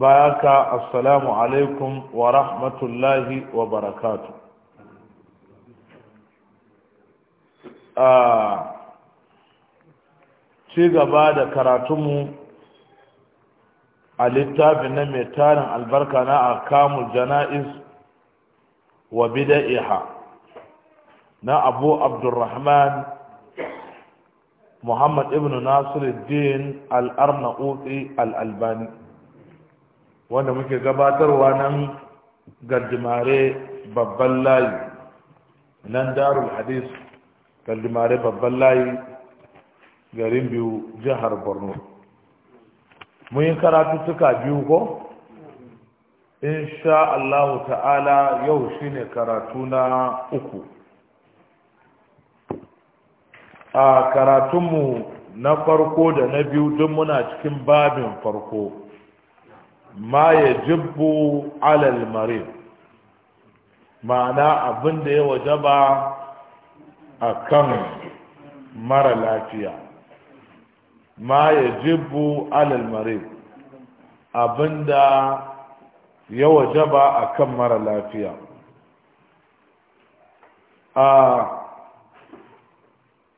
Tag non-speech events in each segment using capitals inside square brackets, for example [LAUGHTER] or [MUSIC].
ka, assalamu alaikum wa rahmatullahi wa barakatu a ci gaba da karatunmu a littafin na mai tarin albarka na akamul jana'iz wa bida'iha na abu abdurrahman muhammad ibn nasiruddin al-arnauti al-albani wanda muke gabatarwa nan gardimare babban layi nan darul hadis gardimare babban layi garin biyu jihar borno mun yi karatu suka biyu ko insha allahu ta'ala yau shine karatu na uku a karatunmu na farko da na biyu don muna cikin babin farko ma ya jibbu alal marin, ma'ana abin da ya wajaba a kan mara lafiya ma ya jibbu alal marin, abin da ya wajaba a kan mara lafiya a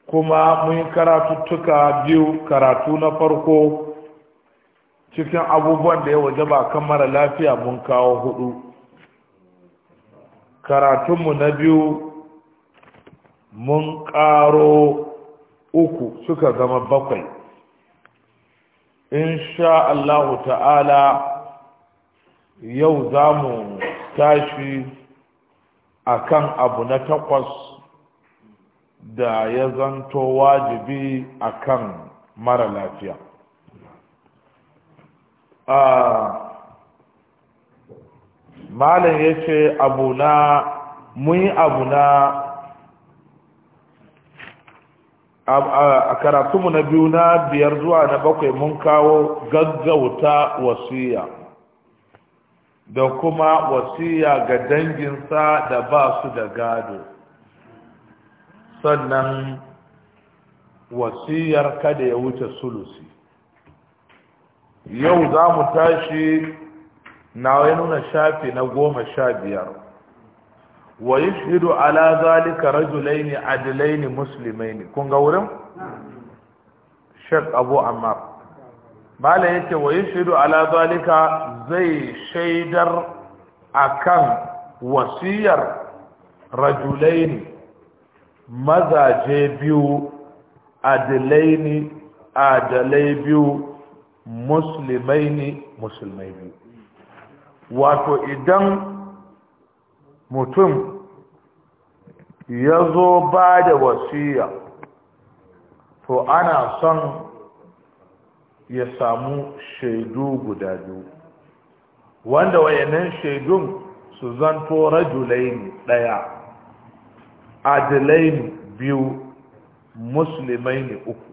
kuma mun karatuttuka biyu karatu na farko cikin abubuwan da ya waje ba kan mara lafiya mun kawo hudu karatunmu na biyu mun karo uku suka zama bakwai insha Allahu ta'ala yau za mu tashi a kan abu na takwas da ya zanto wajibi a kan mara lafiya malam ya ce abu na mun abu na a karatunmu na biyu na biyar zuwa na bakwai mun kawo gaggauta wasiya da kuma wasiya ga danginsa da ba su da gado sannan wasiyar kada ya wuce sulusi yau za mu tashi na ya nuna shafi na goma sha biyar wa yi shidu ala zalika rajulaini musulmai ne, kun ga wurin shek abu ammar mala yace wa yi shidu ala zalika zai shaidar akan wasiyar rajulaini mazaje biyu adilaini adalai biyu musulmai ne musulmai biyu wato idan mutum ya zo ba da wasiya to ana son ya samu shaidu guda biyu wanda wayannan shaidun su zanto rajulaini ɗaya adilaini biyu musulmai ne uku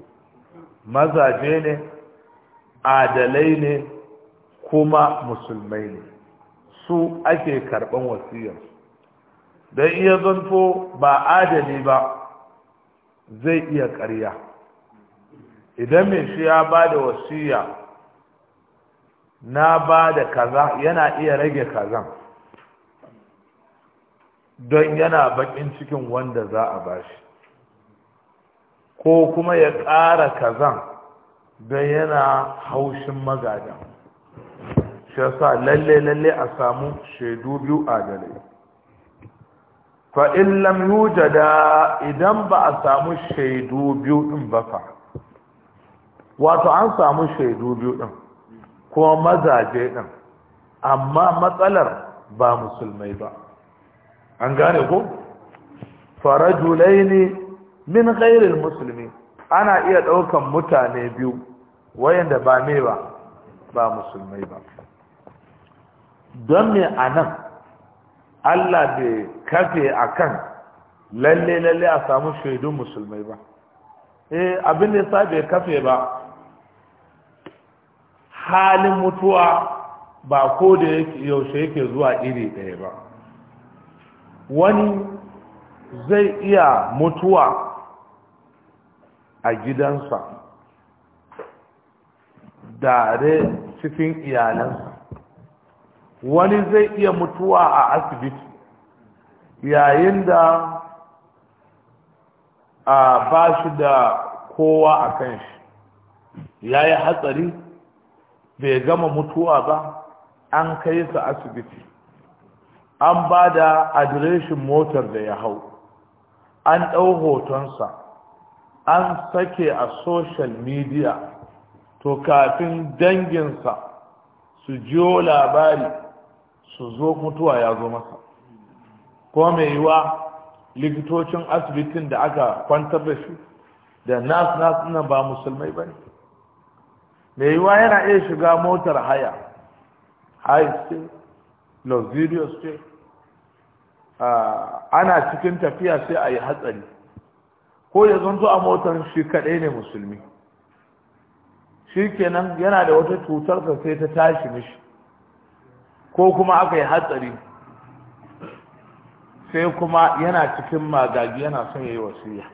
mazaje ne adalai ne kuma musulmai ne su ake karɓan wasiyar don iya zanto ba adali ba zai iya ƙarya idan mai shi ya ba da wasiya na ba da kaza yana iya rage kazan don yana bakin cikin wanda za a bashi ko kuma ya ƙara kazan don yana haushin magada shi yasa lalle lalle a samu shaidu biyu adalai fa in lam yujada idan ba a samu shaidu biyu din ba fa wato an samu shaidu biyu din ko mazaje din amma matsalar ba musulmai ba an gane ko farajulaini min ghairil musulmi ana iya daukan mutane biyu wayanda ba me ba ba musulmai ba don me a nan allah bai kafe a kan lalle lalle a samu shaidun musulmai ba eh abin da sa bai kafe ba halin mutuwa ba ko da yaushe yake zuwa iri ɗaya ba wani zai iya mutuwa a gidansa dare cikin iyalansa wani zai iya mutuwa a asibiti yayin da a ba shi da kowa a kan shi ya yi hatsari bai gama mutuwa ba an kai sa asibiti an ba da adireshin motar da ya hau an ɗau hotonsa an sake a social media to kafin danginsa su jiyo labari su zo mutuwa ya zo masa ko mai yiwa likitocin asibitin da aka kwantar da shi da nas nas nan ba musulmai ba ne mai yiwa yana iya shiga motar haya high state luxurious state ana cikin tafiya sai a yi hatsari ko ya zanto a motar shi kaɗai ne musulmi shi kenan yana da wata cutar ka sai ta tashi mishi ko kuma aka yi hatsari sai kuma yana cikin magagi yana son ya yi wasiya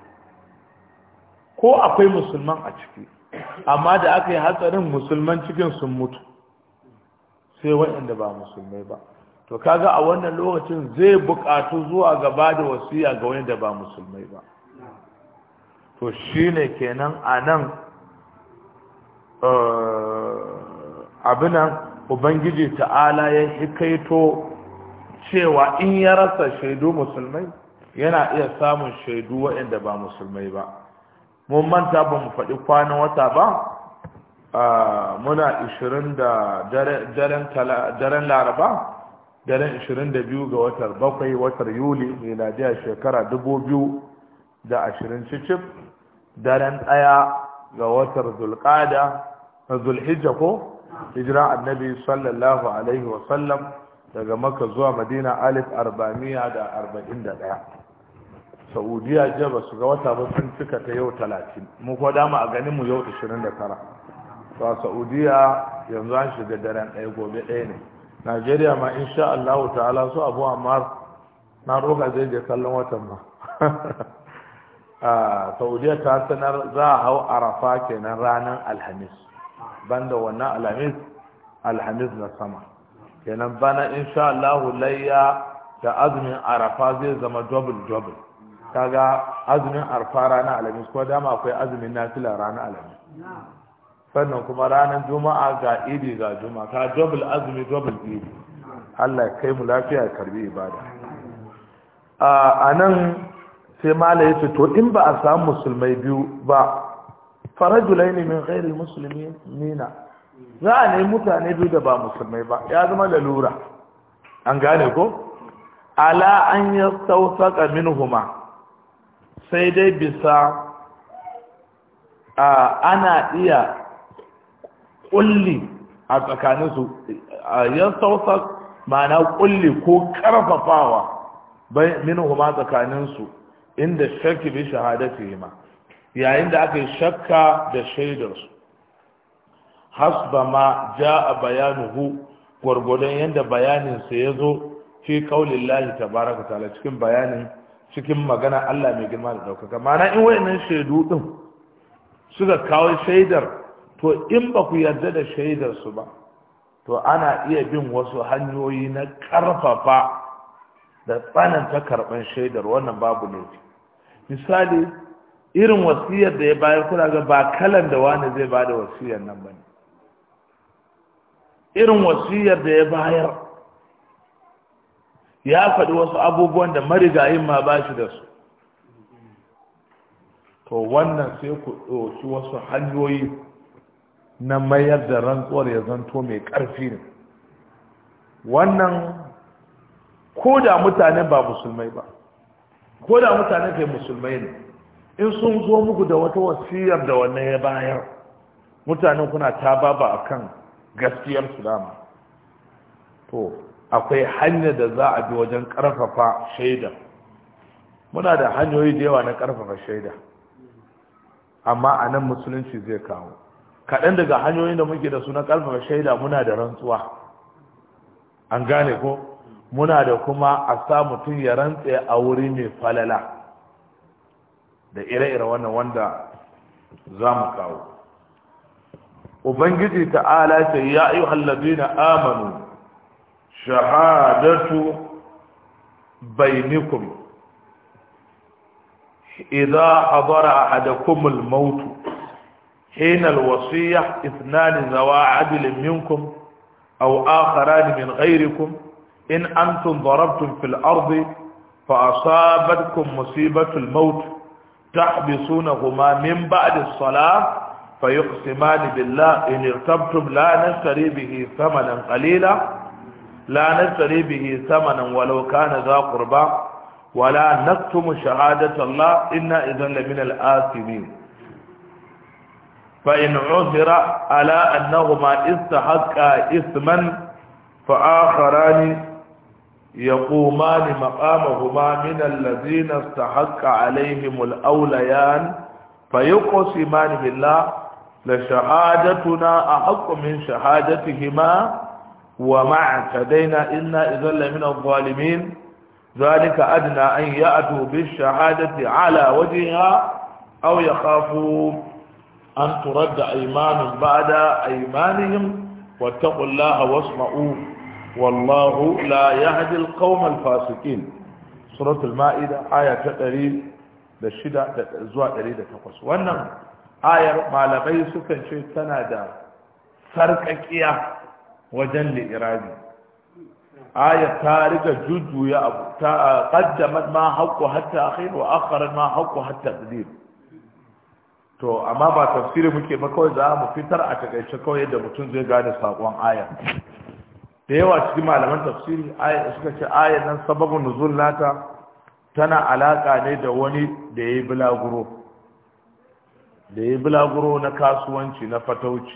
ko akwai musulman a ciki amma da aka yi hatsarin musulman cikin sun mutu sai waɗanda ba musulmai ba to kaga a wannan lokacin zai buƙatu zuwa gaba da wasiya ga wanda ba musulmai ba to shine kenan a nan Eh, abinan ubangiji ta'ala ya hikaito cewa in ya rasa shaidu musulmai yana iya samun shaidu waɗanda ba musulmai ba mun manta ba mu faɗi kwanan wata ba muna 20 da daren laraba daren 22 ga watar bakwai watar yuli miladiya shekara 2020 cicif daren ɗaya ga watar zulƙada na zulhijja ko hijira annabi sallallahu alaihi wa sallam daga makka zuwa madina alif arba'amiya da arba'in da ɗaya saudiya jiya ba su ga wata ba sun cika ta yau talatin mu ko dama a ganin mu yau ashirin da tara to a saudiya yanzu an shiga daren ɗaya gobe ɗaya ne najeriya ma insha allahu ta'ala su abu ammar na roƙa zai je kallon watan ba [LAUGHS] a saudiya ta sanar za a hau arafa kenan ranar alhamis banda wannan alhamis alhamis na sama kenan bana insha Allah layya da azumin arafa zai zama double double kaga azumin arafa ranar alhamis ko dama akwai azumin nafila ranar alhamis sannan kuma ranar juma'a ga idi ga juma'a ka double azumi double idi Allah ya kai mu lafiya ya karbi ibada a nan sai mala ya fito in ba a samu musulmai biyu ba farajulai ne min ghairi musulmi nina za a nemi mutane biyu da ba musulmai ba ya zama lalura an gane ko ala an ya sausaka minhuma sai dai bisa ana iya kulli a tsakaninsu ya sausaka ma'ana kulli ko karfafawa minhuma tsakaninsu inda shakki bi ma yayin da aka yi shakka da shaidarsu hasba ma jaa bayanuhu gwargwadon yadda bayaninsa ya zo fi kaulin lahi tabaraka ta'ala cikin bayanin cikin magana Allah mai girma da daukaka mana in wayannan shaidu din suka kawo shaidar to in ba ku yarda da shaidarsu ba to ana iya bin wasu hanyoyi na karfafa da tsananta karɓar shaidar wannan babu laifi misali irin wasiyar da ya bayar kuna ga ba kalan da wani zai bada wasiyar nan ba ne. irin wasiyar da ya bayar ya faɗi wasu abubuwan da marigayin ma ba shi da su to wannan sai ku ɗauki wasu hanyoyi na mayar da rantsuwar ya zanto mai ƙarfi ne wannan ko da mutane ba musulmai ba ko da mutane ke musulmai ne in sun zo muku da wata wasiyar da wannan ya bayar mutanen kuna ta baba a kan gaskiyar sulama to akwai hanyar da za a bi wajen karfafa shaida muna da hanyoyi da yawa na karfafa shaida amma a nan musulunci zai kawo kaɗan daga hanyoyin da muke da su na karfafa shaida muna da rantsuwa an gane ko muna da kuma a sa mutum ya rantse a wuri mai falala da ire-ire wannan wanda za mu kawo ubangiji ta'ala ce ya yi hallabi na amanu shahadatu bainikum idza hadara ahadakum al-maut hina al-wasiyya ithnan zawa adl minkum aw akharan min ghayrikum إن أنتم ضربتم في الأرض فأصابتكم مصيبة الموت تحبسونهما من بعد الصلاة فيقسمان بالله إن ارتبتم لا نشتري به ثمنا قليلا لا نشتري به ثمنا ولو كان ذا قربا ولا نكتم شهادة الله إنا إذا لمن الآثمين فإن عثر على أنهما استحقا إثما فآخران يقومان مقامهما من الذين استحق عليهم الأوليان فيقسمان بالله لشهادتنا أحق من شهادتهما وما اعتدينا إنا إذا لمن الظالمين ذلك أدنى أن يأتوا بالشهادة على وجهها أو يخافوا أن ترد أيمان بعد أيمانهم واتقوا الله واسمعوه والله لا يهدي القوم الفاسقين سورة المائدة آية تقريب للشدة زواء تقريب تقص وأنه آية معلمي سكن شيء تنادى سرقكية وجن لإرادي آية تاركة جد يا أبو قدمت ما حقه حتى أخير وأخرت ما حقه حتى قدير to amma ba tafsiri muke ba kawai za mu fitar a takaice kawai yadda mutum zai gane sakon aya da yawa cikin malaman tafsiri suka ce ayar nan sababin nuzul nata tana alaƙa ne da wani da ya yi bulaguro da ya yi bulaguro na kasuwanci na fatauci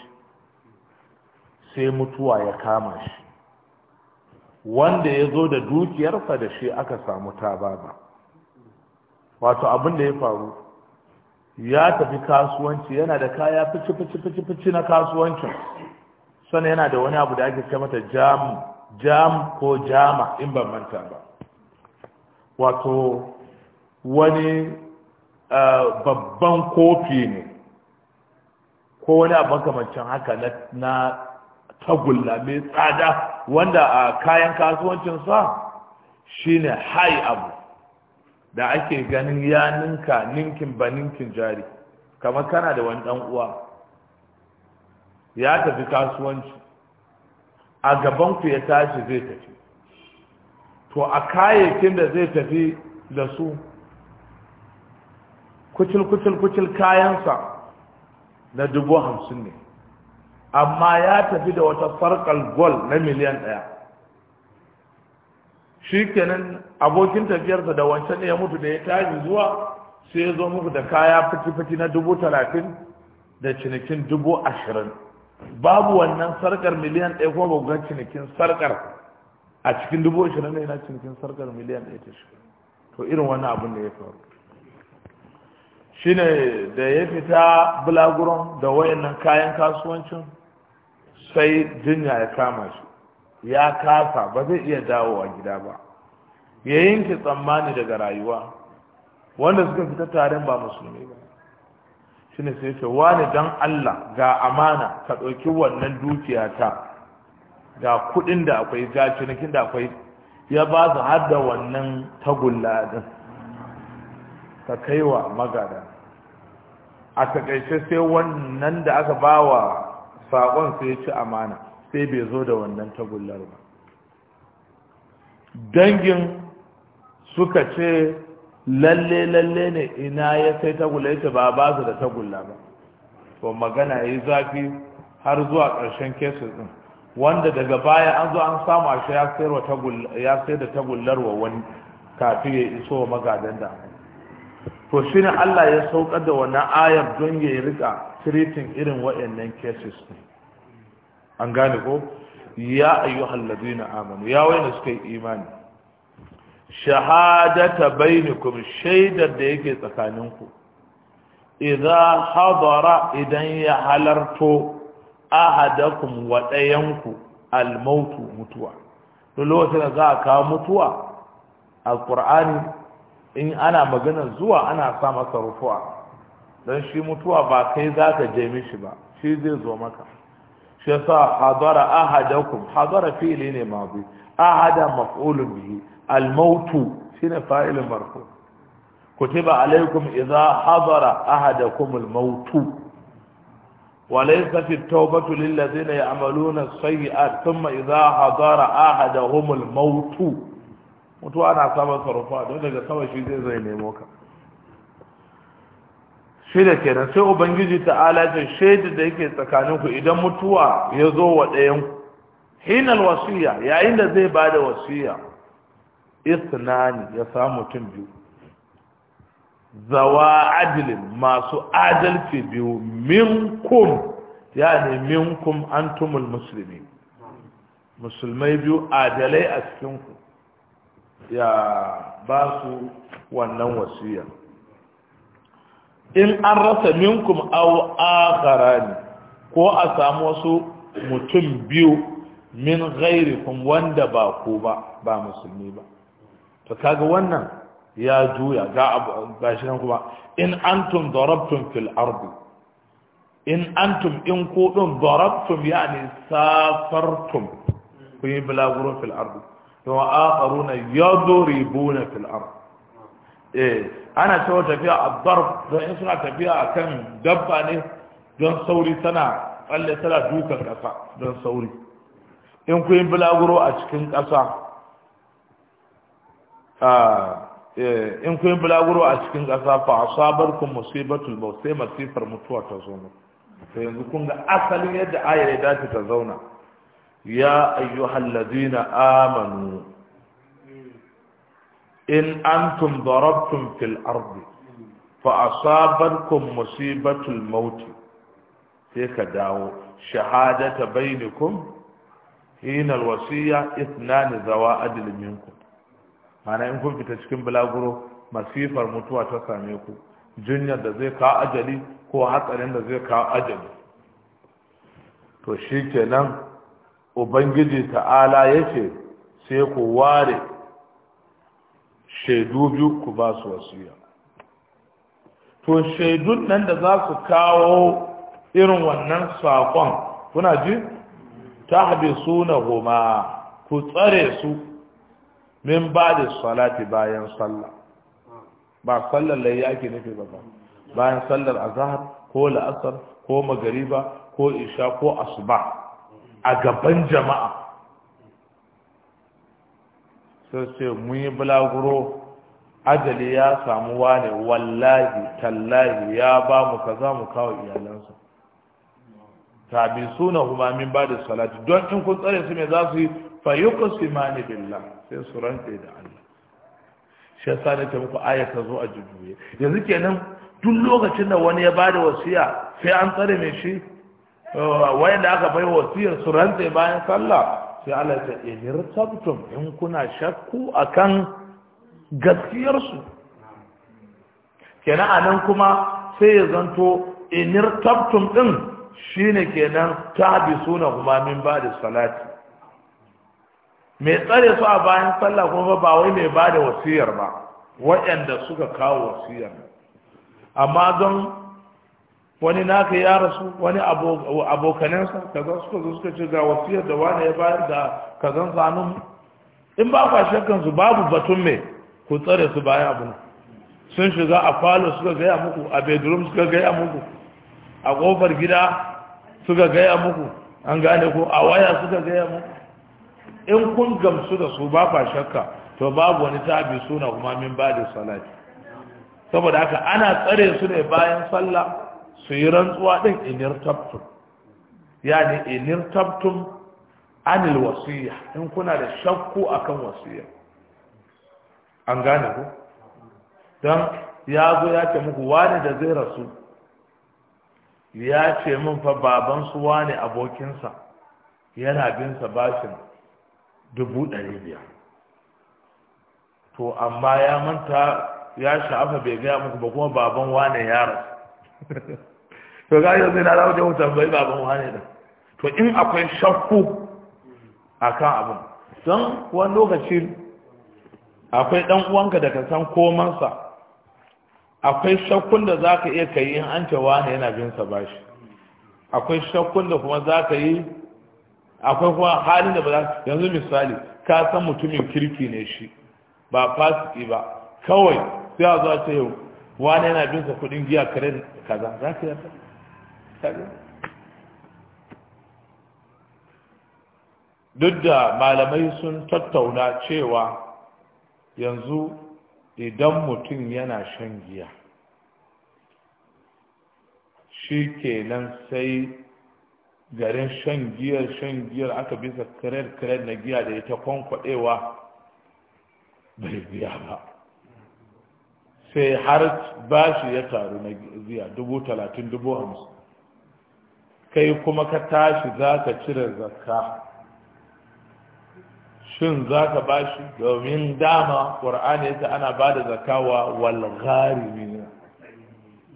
sai mutuwa ya kama shi wanda ya zo da dukiyarsa da shi aka samu tababa wato abin da ya faru ya tafi kasuwanci yana da kaya fici fici fici fici na kasuwancin sannan yana da wani abu da ake ce mata jam jam ko jama in ban manta ba wato wani eh, babban kofi ne ko wani abu makamancin haka na tagulla mai tsada wanda a kayan kasuwancin sa shine hai abu da ake ganin ya ninka ninkin ba ninkin jari kamar kana da wani dan uwa ya tafi kasuwanci a gabanku ya tashi zai tafi to a kayayyakin da zai tafi da su kucil kucil kucil kayansa na dubu hamsin ne amma ya tafi da wata farkal gol na miliyan ɗaya shi kenan abokin tafiyarsa da wancan ne ya mutu da ya tashi zuwa sai ya zo muku da kaya fiti-fiti na dubu talatin da cinikin dubu ashirin babu wannan sarkar miliyan ɗaya kuma babu ga cinikin sarkar a cikin dubu ashirin ne na cinikin sarkar miliyan ɗaya ta shiga to irin wannan abin da ya faru shine da ya fita bulaguron da wayannan kayan kasuwancin sai jinya ya kama shi ya kasa ba zai iya dawowa gida ba ya yanke tsammani daga rayuwa wanda suka fita tarin ba musulmi ba shine sai ce wani dan Allah ga amana ka ɗauki wannan dukiya ta ga kuɗin da akwai ga cinikin da akwai ya ba su har da wannan tagulla din ka kai wa magada a takaice sai wannan da aka ba wa saƙon sai ci amana sai bai zo da wannan tagullar ba dangin suka ce lalle lalle ne ina ya sai tagulla ita ba ba su da tagulla ba to magana yi zafi har zuwa ƙarshen kesu din wanda daga baya an zo an samu a shi ya sai da tagullar wa wani kafin ya iso wa magadan da to shi ne Allah ya saukar da wannan ayar don ya rika tiritin irin waɗannan cases din? an gane ko ya ayyuhal ladina amanu ya Wani suka yi imani shahadata bainakum shaidar da yake tsakaninku idza hadara idan ya halarto ahadakum wa dayanku almautu mutuwa to lokacin da za a kawo mutuwa alqur'ani in ana magana zuwa ana sa masa rufu'a dan shi mutuwa ba kai za ka je mishi ba shi zai zo maka شفا حضر أحدكم حضر في لين ماضي أحد مفعول به الموت سين فائل مرفوع كتب عليكم إذا حضر أحدكم الموت وليست التوبة للذين يعملون السيئات ثم إذا حضر أحدهم الموت متوانا سبا صرفات وإذا سبا شيء زي نيموكا da kenan sai ubangiji ta'ala ce shaida da yake tsakanin ku idan mutuwa ya zo wa ɗayan ku hinal wasiya yayin da zai bada wasiya isnani ya sa mutum biyu zawa adilin masu adalci biyu minkum ne minkum antumul musulmi. musulmai biyu adalai a cikinku. ku ya ba su wannan wasiyar in an rasa minkum aw akharani ko a samu wasu mutum biyu min ghairikum wanda ba ku ba ba musulmi ba to kaga wannan ya juya ga shi nan kuma in antum darabtum fil ardi in antum in ku din darabtum yani safartum kun yi bulaguro fil ardi to akharuna yadribuna fil ardi eh ana wa tafiya a darb don in suna tafiya a kan dabba ne don sauri tana tsalle tana dukan ƙasa don sauri in ku yi bulaguro a cikin ƙasa e, in yi bulaguro a cikin kasa fa sabar kun musibatul sai masifar mutuwa ta zo mu sai yanzu kun ga asalin yadda ayar ya dace ta zauna ya ayyuhal ladina amanu in antum darabtum fil ardi fa asabatkum musibatul mauti, sai ka dawo shahadata bainakum hina alwasiya ithnan zawa adl minkum mana in kun fita cikin bulaguro masifar mutuwa ta same ku jinyar da zai kawo ajali ko hatsarin da zai kawo ajali to shi kenan ubangiji ta'ala yake sai ku ware shaidu biyu ku ba su wasiya to shaidun nan da za su kawo irin wannan saƙon kuna ji ta haɗe na goma ku tsare su min ba da salati bayan sallah ba sallar lai ake nufi ba bayan sallar azahar ko la'asar ko magariba ko isha ko asuba a gaban jama'a sai ce mun yi bulaguro ajali ya samu wane wallahi tallahi ya ba mu kaza mu kawo iyalansa tabi suna kuma min ba da salati don in kun tsare su me za su yi fa yuqsimani billah sai su rantse da Allah shi yasa ne ta muku aya ta zo a jujuye yanzu kenan duk lokacin da wani ya ba da wasiya sai an tsare mai shi wayanda aka bai wasiyar su rantse bayan sallah sai Allah ya ce in in kuna shakku akan gaskiyarsu kenan a nan kuma sai ya zanto inir tabtum ɗin shine kenan ta bi suna kuma min ba da salati mai tsare su a bayan sallah kuma ba wai mai ba da wasiyar ba waɗanda suka kawo wasiyar amma don wani naka ya rasu wani abokanansa kaza suka zo suka ce ga wasiyar da wani ya bayar da kazan sanun in ba kwa shakkan su babu batun mai ku tsare su baya abu sun shiga a falo suka gaya muku a bedroom suka gaya muku a kofar gida suka gaya muku an gane ku a waya suka gaya muku in kun gamsu da su ba shakka to babu wani tabi suna kuma min ba da salati saboda haka ana tsare su ne bayan sallah su yi rantsuwa din inir tabtum yani inir tabtum anil wasiya in kuna da shakku akan wasiya an gane ku don ya zo ya ce muku wani da zai rasu ya ce min fa baban su wani abokinsa yana sa bashin dubu ɗari biyar to amma ya manta ya sha'afa bai gaya muku ba kuma baban wane ya rasu [LAUGHS] to ga yau zai na zama da mutum bai baban wane da to in akwai shakku akan abin don wani lokaci akwai ɗan uwanka da ka san komansa akwai shakkun da za ka iya ka yi in an ce wani yana bin sa ba shi. akwai shakkun da kuma za ka yi akwai kuma halin da ba za yanzu misali ka san mutumin kirki ne shi ba fasiki ba kawai sai a zuwa ce yau wani yana bin sa kuɗin giya kare kaza za ka yarda duk da malamai sun tattauna cewa yanzu idan mutum yana shan giya shi kenan sai garin shan giyar shan giyar aka bisa kirar-kirar na giya da ita kwankwaɗewa bai biya ba sai har bashi ya taru na giya dubu talatin dubu hamsin kai kuma ka tashi za ka cire zakka shin za ka ba shi domin dama ƙwar'ani ya ana ba da zakawa walghari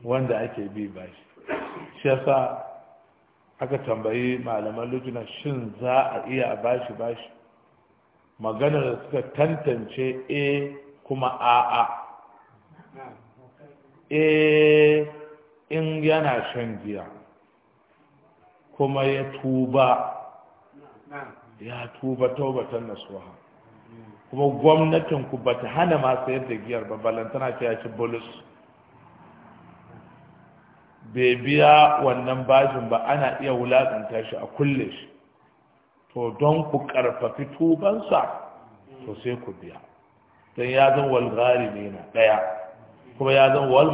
wanda ake bi ba shi shi yasa aka tambayi malaman lujina shin za a iya ba shi ba shi maganar da suka tantance a eh kuma a'a a eh, in yana shan giya kuma ya tuba ya tuba taubatan nasuha kuma gwamnatin ku bata hana ma sayar da giyar ba balantana ta ya bolus bai biya wannan bashin ba ana iya wulaƙanta shi a kulle shi to don ku ƙarfafi tubansa to sai ku biya don ya zan wal ne na ɗaya kuma ya zan wal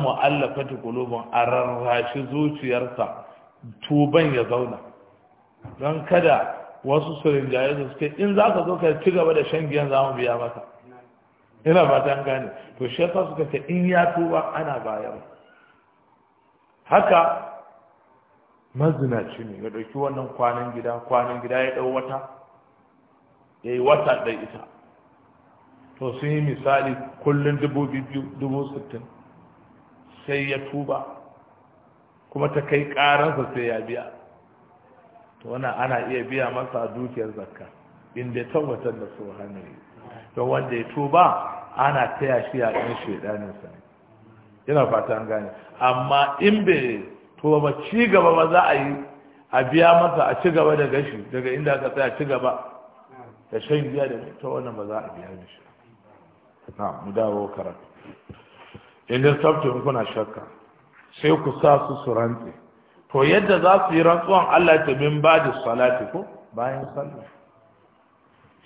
ta qulubun a rarrashi zuciyarsa tuban ya zauna don kada wasu su rinjaye su suke in za ka zo ka ci gaba da shan giyan za mu biya maka ina ba ta gane to shi yasa suka ce in ya tuba ana bayar haka mazinaci ne ya ɗauki wannan kwanan gida kwanan gida ya ɗau wata ya yi wata ɗai ita to sun yi misali kullum dubu biyu dubu sittin sai ya tuba kuma ta kai ƙaransa sai ya biya to wana ana iya biya masa dukiyar zakka inda ta tabbatar da su hannu to wanda ya tuba ana taya shi a ɗan shaidaninsa ina fata an gane amma in bai to ba ci gaba ba za a yi a biya masa a ci gaba da gashi daga inda aka tsaya ci gaba da shan biya da ta wannan ba za a biya mishi na mu dawo karatu in dai sabta kuna shakka sai ku sa su su rantse to yadda za su yi rantsuwan Allah ta bin ba da salati ko bayan sallah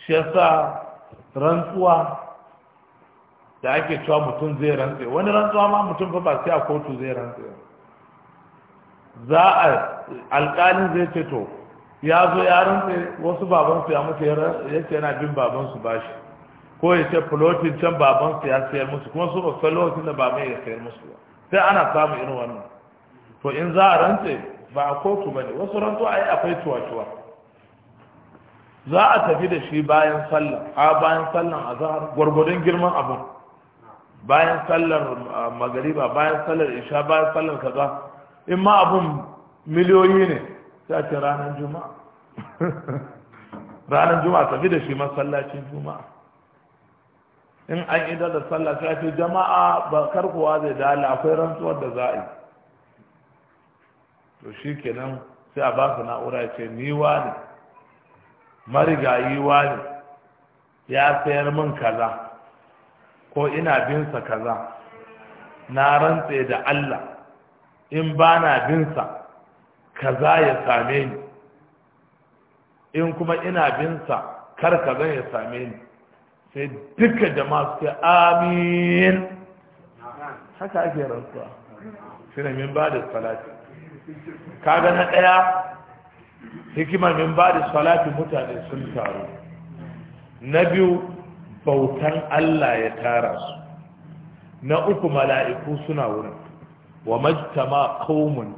shi ya sa rantsuwa da ake cewa mutum zai rantse wani rantsuwa ma mutum fa ba sai a kotu zai rantse za a alƙalin zai ce to ya zo ya rantse wasu babansu ya mutu ya ce yana bin babansu bashi ko ya ce fulotin can babansu ya sayar musu kuma su ba san da baban ya sayar musu ba sai ana samun irin wannan to in za a rantse ba a kotu ba ne wasu rantu a yi akwai tuwa-tuwa za a tafi da shi bayan sallah a bayan sallan azhar gwargwadon girman abu bayan sallan magariba bayan sallan isha bayan sallan kaza in ma abun miliyoyi ne sai ce ranar juma'a [LAUGHS] ranar juma'a tafi da shi masallacin juma'a in an idar da sallah sai ce jama'a ba karkowa zai dala akwai rantsuwar da za a yi to shi kenan sai a ba na'ura ce ni wani marigayi wani ya sayar min kaza ko ina binsa kaza na rantse da Allah in ba na binsa kaza ya same ni in kuma ina binsa kar kaza ya same ni sai duka jama'a suke amin haka ake rantsuwa shi ne min ba da salati kaga na ɗaya hikimar min ba da salati mutane sun taru na biyu bautan Allah ya tara su na uku mala'iku suna wurin wa majtama qaumun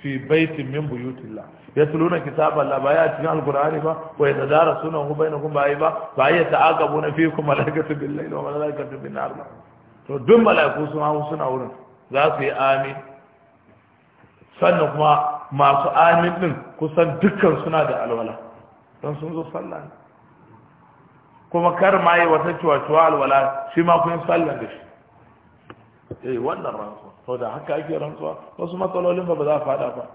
fi baitin min buyutillah yatluna kitaballah ba ya cikin alqur'ani ba wa yatadarasunahu bainahum ba ba ba ya na fiikum malaikatu billahi wa malaikatu bin nar to duk mala'iku suna wurin za su yi amin sannan kuma masu amin din kusan dukkan suna da alwala don sun zo sallah ne kuma kar ma yi wata cuwa alwala shi ma kun sallah da shi eh wannan rantsuwa to da haka ake rantsuwa wasu matsalolin ba ba za a fada ba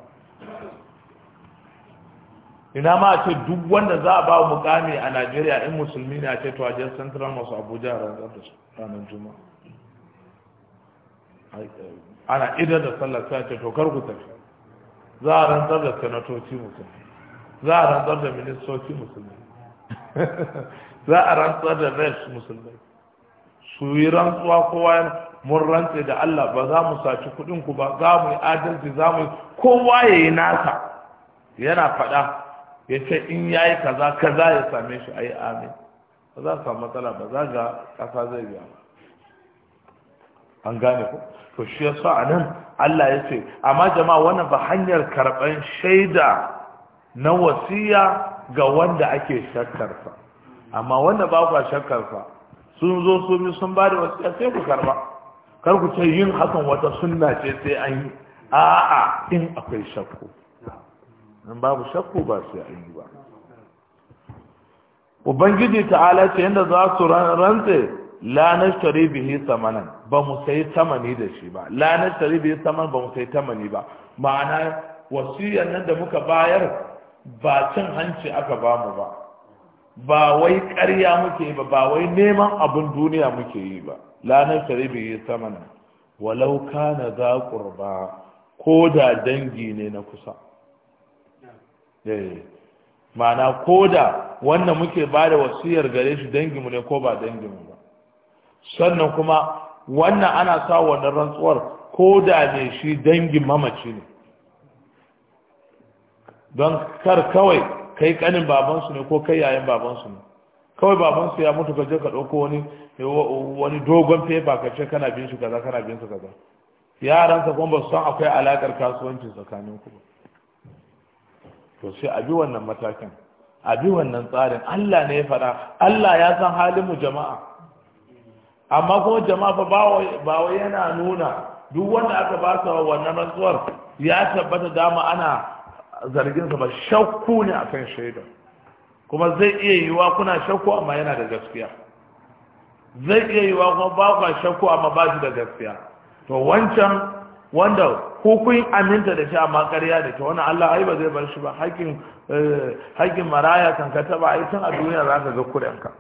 ina ma a ce duk wanda za a ba mukami a najeriya in musulmi ne a ce to a central masu abuja rantsar da ranar juma'a eh, ana idan da sallah sai a ce to kar ku tafi za a rantsar da sanatoci musulmi za a rantsar da ministoci musulmi [LAUGHS] za a rantsar da reps musulmi su yi rantsuwa kowa mun rantse da Allah ba za mu saci kuɗin ku ba za mu yi adalci za mu yi kowa ya yi nasa yana faɗa ya ce in ya yi kaza kaza ya same shi a yi amin ba za samu matsala ba za ga kasa zai biya an gane ku to shi yasa a nan Allah ya ce amma jama'a wannan ba hanyar karɓar shaida na wasiya ga wanda ake shakkarsa amma wanda ba kwa shakkarsa sun zo su mi sun ba da wasiya sai ku karba kar ku ce yin hakan wata sunna ce sai an yi a'a in akwai shakku in babu shakku ba sai an yi ba ubangiji ta'ala ce yadda za su rantse la nashtari bihi samanan ba mu sayi tamani da shi ba lanar tarihi tari bai saman ba mu sayi tamani ba ma'ana wasiyar nan da muka bayar ba cin hanci aka ba mu ba ba wai ƙarya muke yi ba ba wai neman abin duniya muke yi ba lanar tarihi tari bai saman walau kana za qurba ko da dangi ne na kusa eh, ma'ana ko da wannan muke ba da wasiyar gare shi danginmu ne ko ba danginmu ba sannan kuma wannan ana sa wannan rantsuwar ko da ne shi dangin mamaci ne don kar kawai kai kanin babansu ne ko kai yayin babansu ne kawai babansu ya mutu ka je ka ɗauko wani wani dogon fefa ka ce kana bin shi kaza kana bin su kaza yaransa kuma ba su san akwai alakar kasuwanci tsakanin ku to sai a bi wannan matakin a bi wannan tsarin Allah ne ya faɗa Allah ya san halin mu jama'a amma kuma jama'a fa ba wai yana nuna duk wanda aka ba sa wannan rantsuwar ya tabbata dama ana zargin sa ba shakku ne akan shaida kuma zai iya wa kuna shakku amma yana da gaskiya zai iya wa kuma ba kwa shakku amma ba shi da gaskiya to wancan wanda hukun aminta da shi amma ƙarya da ta wani Allah ai ba zai bar shi ba haƙƙin eh, maraya kan ka taba ai tun a duniya za ka ga ka.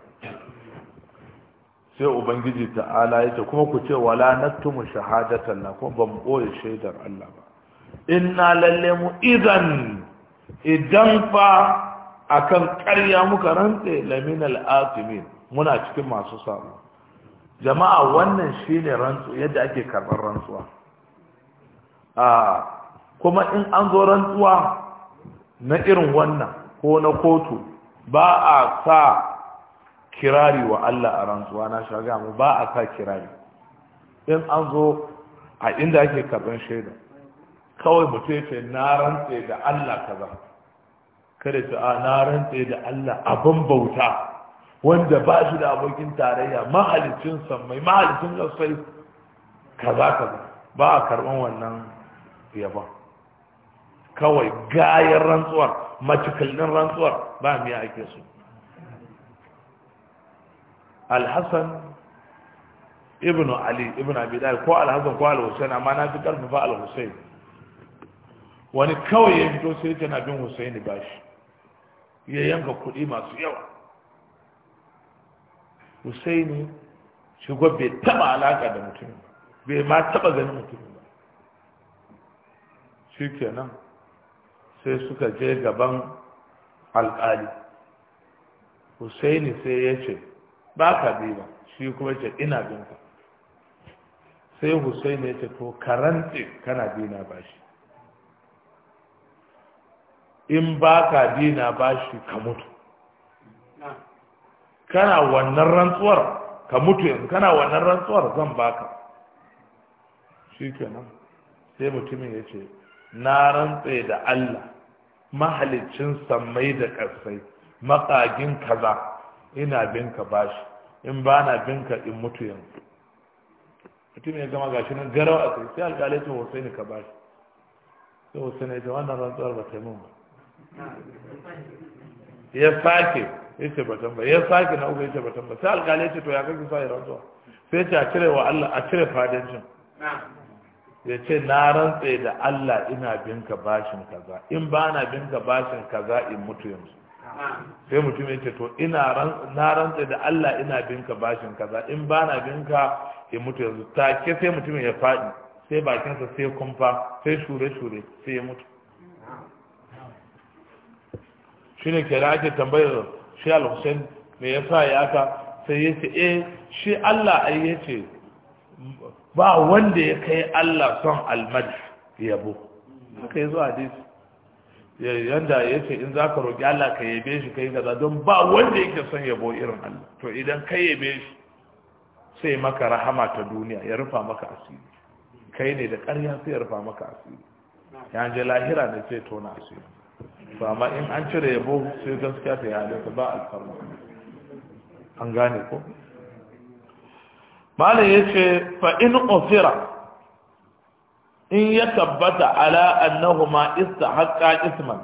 sai ubangiji ta'ala ya ce kuma ku ce wala naktumu shahadatan la kuma ban boye shaidar Allah ba inna lalle mu idan idan fa akan ƙarya muka rantse laminal atimin muna cikin masu samu. jama'a wannan shine rantsu yadda ake karɓar rantsuwa a kuma in an zo rantsuwa na irin wannan ko na kotu ba a sa kirari wa Allah a rantsuwa na shaga mu ba a ka kirari in an zo a inda ake karɓar shaida kawai mutum ce na rantse da Allah kaza kada ta na rantse da Allah abin bauta wanda ba shi da abokin tarayya mahalicin sammai mahalicin gasai kaza kaza ba a karɓar wannan yabon kawai gayan rantsuwar matukallin rantsuwar ba miya ake so alhassan ibn ali ibn abidal ko alhassan ko alhussein amma na fi fa alhussein wani kawai ya fito sai tana bin hussein bashi ya yanka kuɗi masu yawa hussein shigo bai taba alaka da mutum bai ma taba ganin mutum ba shi kenan sai suka je gaban alƙali hussein sai ya ce ba ka bi ba shi kuma ce ina bin ka sai Hussein ya ce to karantse kana bi na bashi in ba ka bi na bashi ka mutu kana wannan rantsuwar ka mutu yanzu kana wannan rantsuwar zan baka shi kenan sai mutumin ya ce na rantse da Allah mahaliccin sammai da ƙasai makagin kaza ina bin ka bashi in ba na bin ka in mutu yanzu mutum ya gama gashi nan garau a kai sai alƙalai ce Hussaini ka bashi sai Hussaini ya wannan rantsuwar ba ta mun ba ya sake ya ce ba ba ya sake na uku ya ce ba ba sai alƙalai ce to ya kake sa ya rantsuwa sai ce a cire wa Allah a cire fadancin ya ce na rantse da Allah ina bin ka bashin kaza in ba na bin ka bashin kaza in mutu yanzu sai mutum ya ce to ina na rantsa da Allah ina binka bashin kaza in ba na binka ya mutu yanzu take sai mutum ya faɗi sai bakinsa sai kumfa sai shure-shure sai ya mutu shi ne ke ake tambayar shi al-hussein me sa ya aka sai ya ce eh shi Allah ai ya ce ba wanda ya kai Allah son almadi yabo haka ya zo hadisi yanda ya ce in zaka ka roƙi Allah ka yabe shi ka gaza don ba wanda yake son yabo irin Allah to idan ka yabe shi sai maka rahama ta duniya ya rufa maka asiri kai ne da ƙarya sai ya rufa maka asiri ya je lahira ne sai tona asiri to amma in an cire yabo sai gaskiya ta yi ba alfarma an gane ko malam ya ce fa in ofira in ya tabbata ala annahuma istahaqqa isman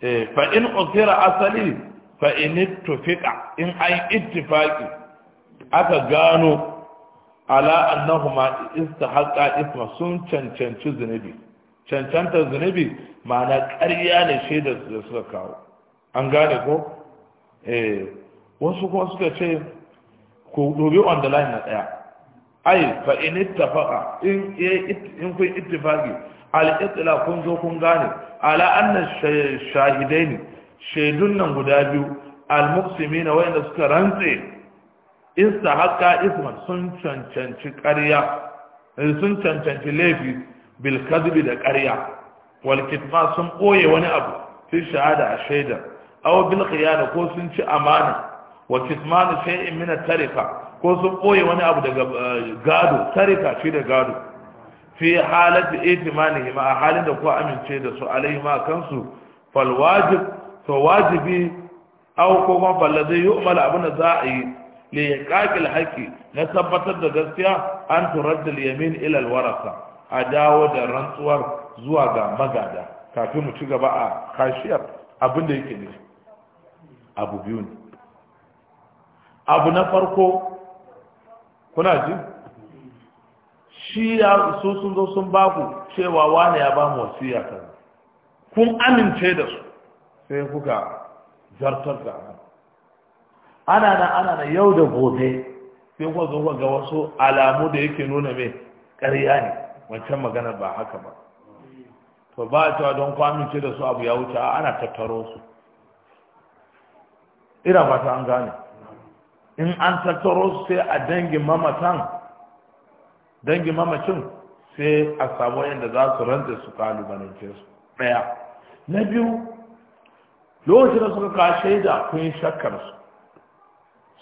eh, fa in ukira asali fa in ittifaqa in ay ittifaqi aka gano ala annahuma istahaqqa isma sun cancanci zunubi cancanta zunubi ma'ana ƙarya ne shaidar da suka kawo an gane ko eh wasu kuma suka ce ku dubi on the line na ɗaya ai fa in ittafaqa in in kun ittifaqi al itla kun zo kun gane ala anna shahidain shaidun nan guda biyu al muqsimina wayanda suka rantse istahaqqa isman sun cancanci ƙarya eh, sun cancanci laifi bil kadhibi da ƙarya wal kitma sun koye wani abu fi shahada a shaida. aw bil khiyana ko sun ci amana wa kitmanu shay'in min at-tariqa ko sun ɓoye wani abu daga eh, gado tarika ce da gado fi halatu itimani ma a halin da ko amince da su alai ma kansu fal wajib to wajibi aw ko ma fallazi yu'mal abun da za a yi li yaqil haqi na tabbatar da gaskiya an turadda da yamin ila warasa a dawo da rantsuwar zuwa ga magada kafin mu ci gaba a kashiyar abin da yake ne abu biyu ne abu na farko kuna ji shi ya su sun zo sun ba ku cewa wane ya ba mu wasiya kun amince da su sai kuka zartar da ana na ana na yau da gobe sai kuka zo ga wasu alamu da yake nuna mai ƙarya ne wancan magana ba haka ba to ba a cewa don kwamince da su abu ya wuce ana tattaro su ina fata an gane in an tattaro sai a dangin mamatan dangin mamacin sai a samu yadda za su rantse su kalubalance su ɗaya na biyu lokacin da suka kashe da kun shakkar su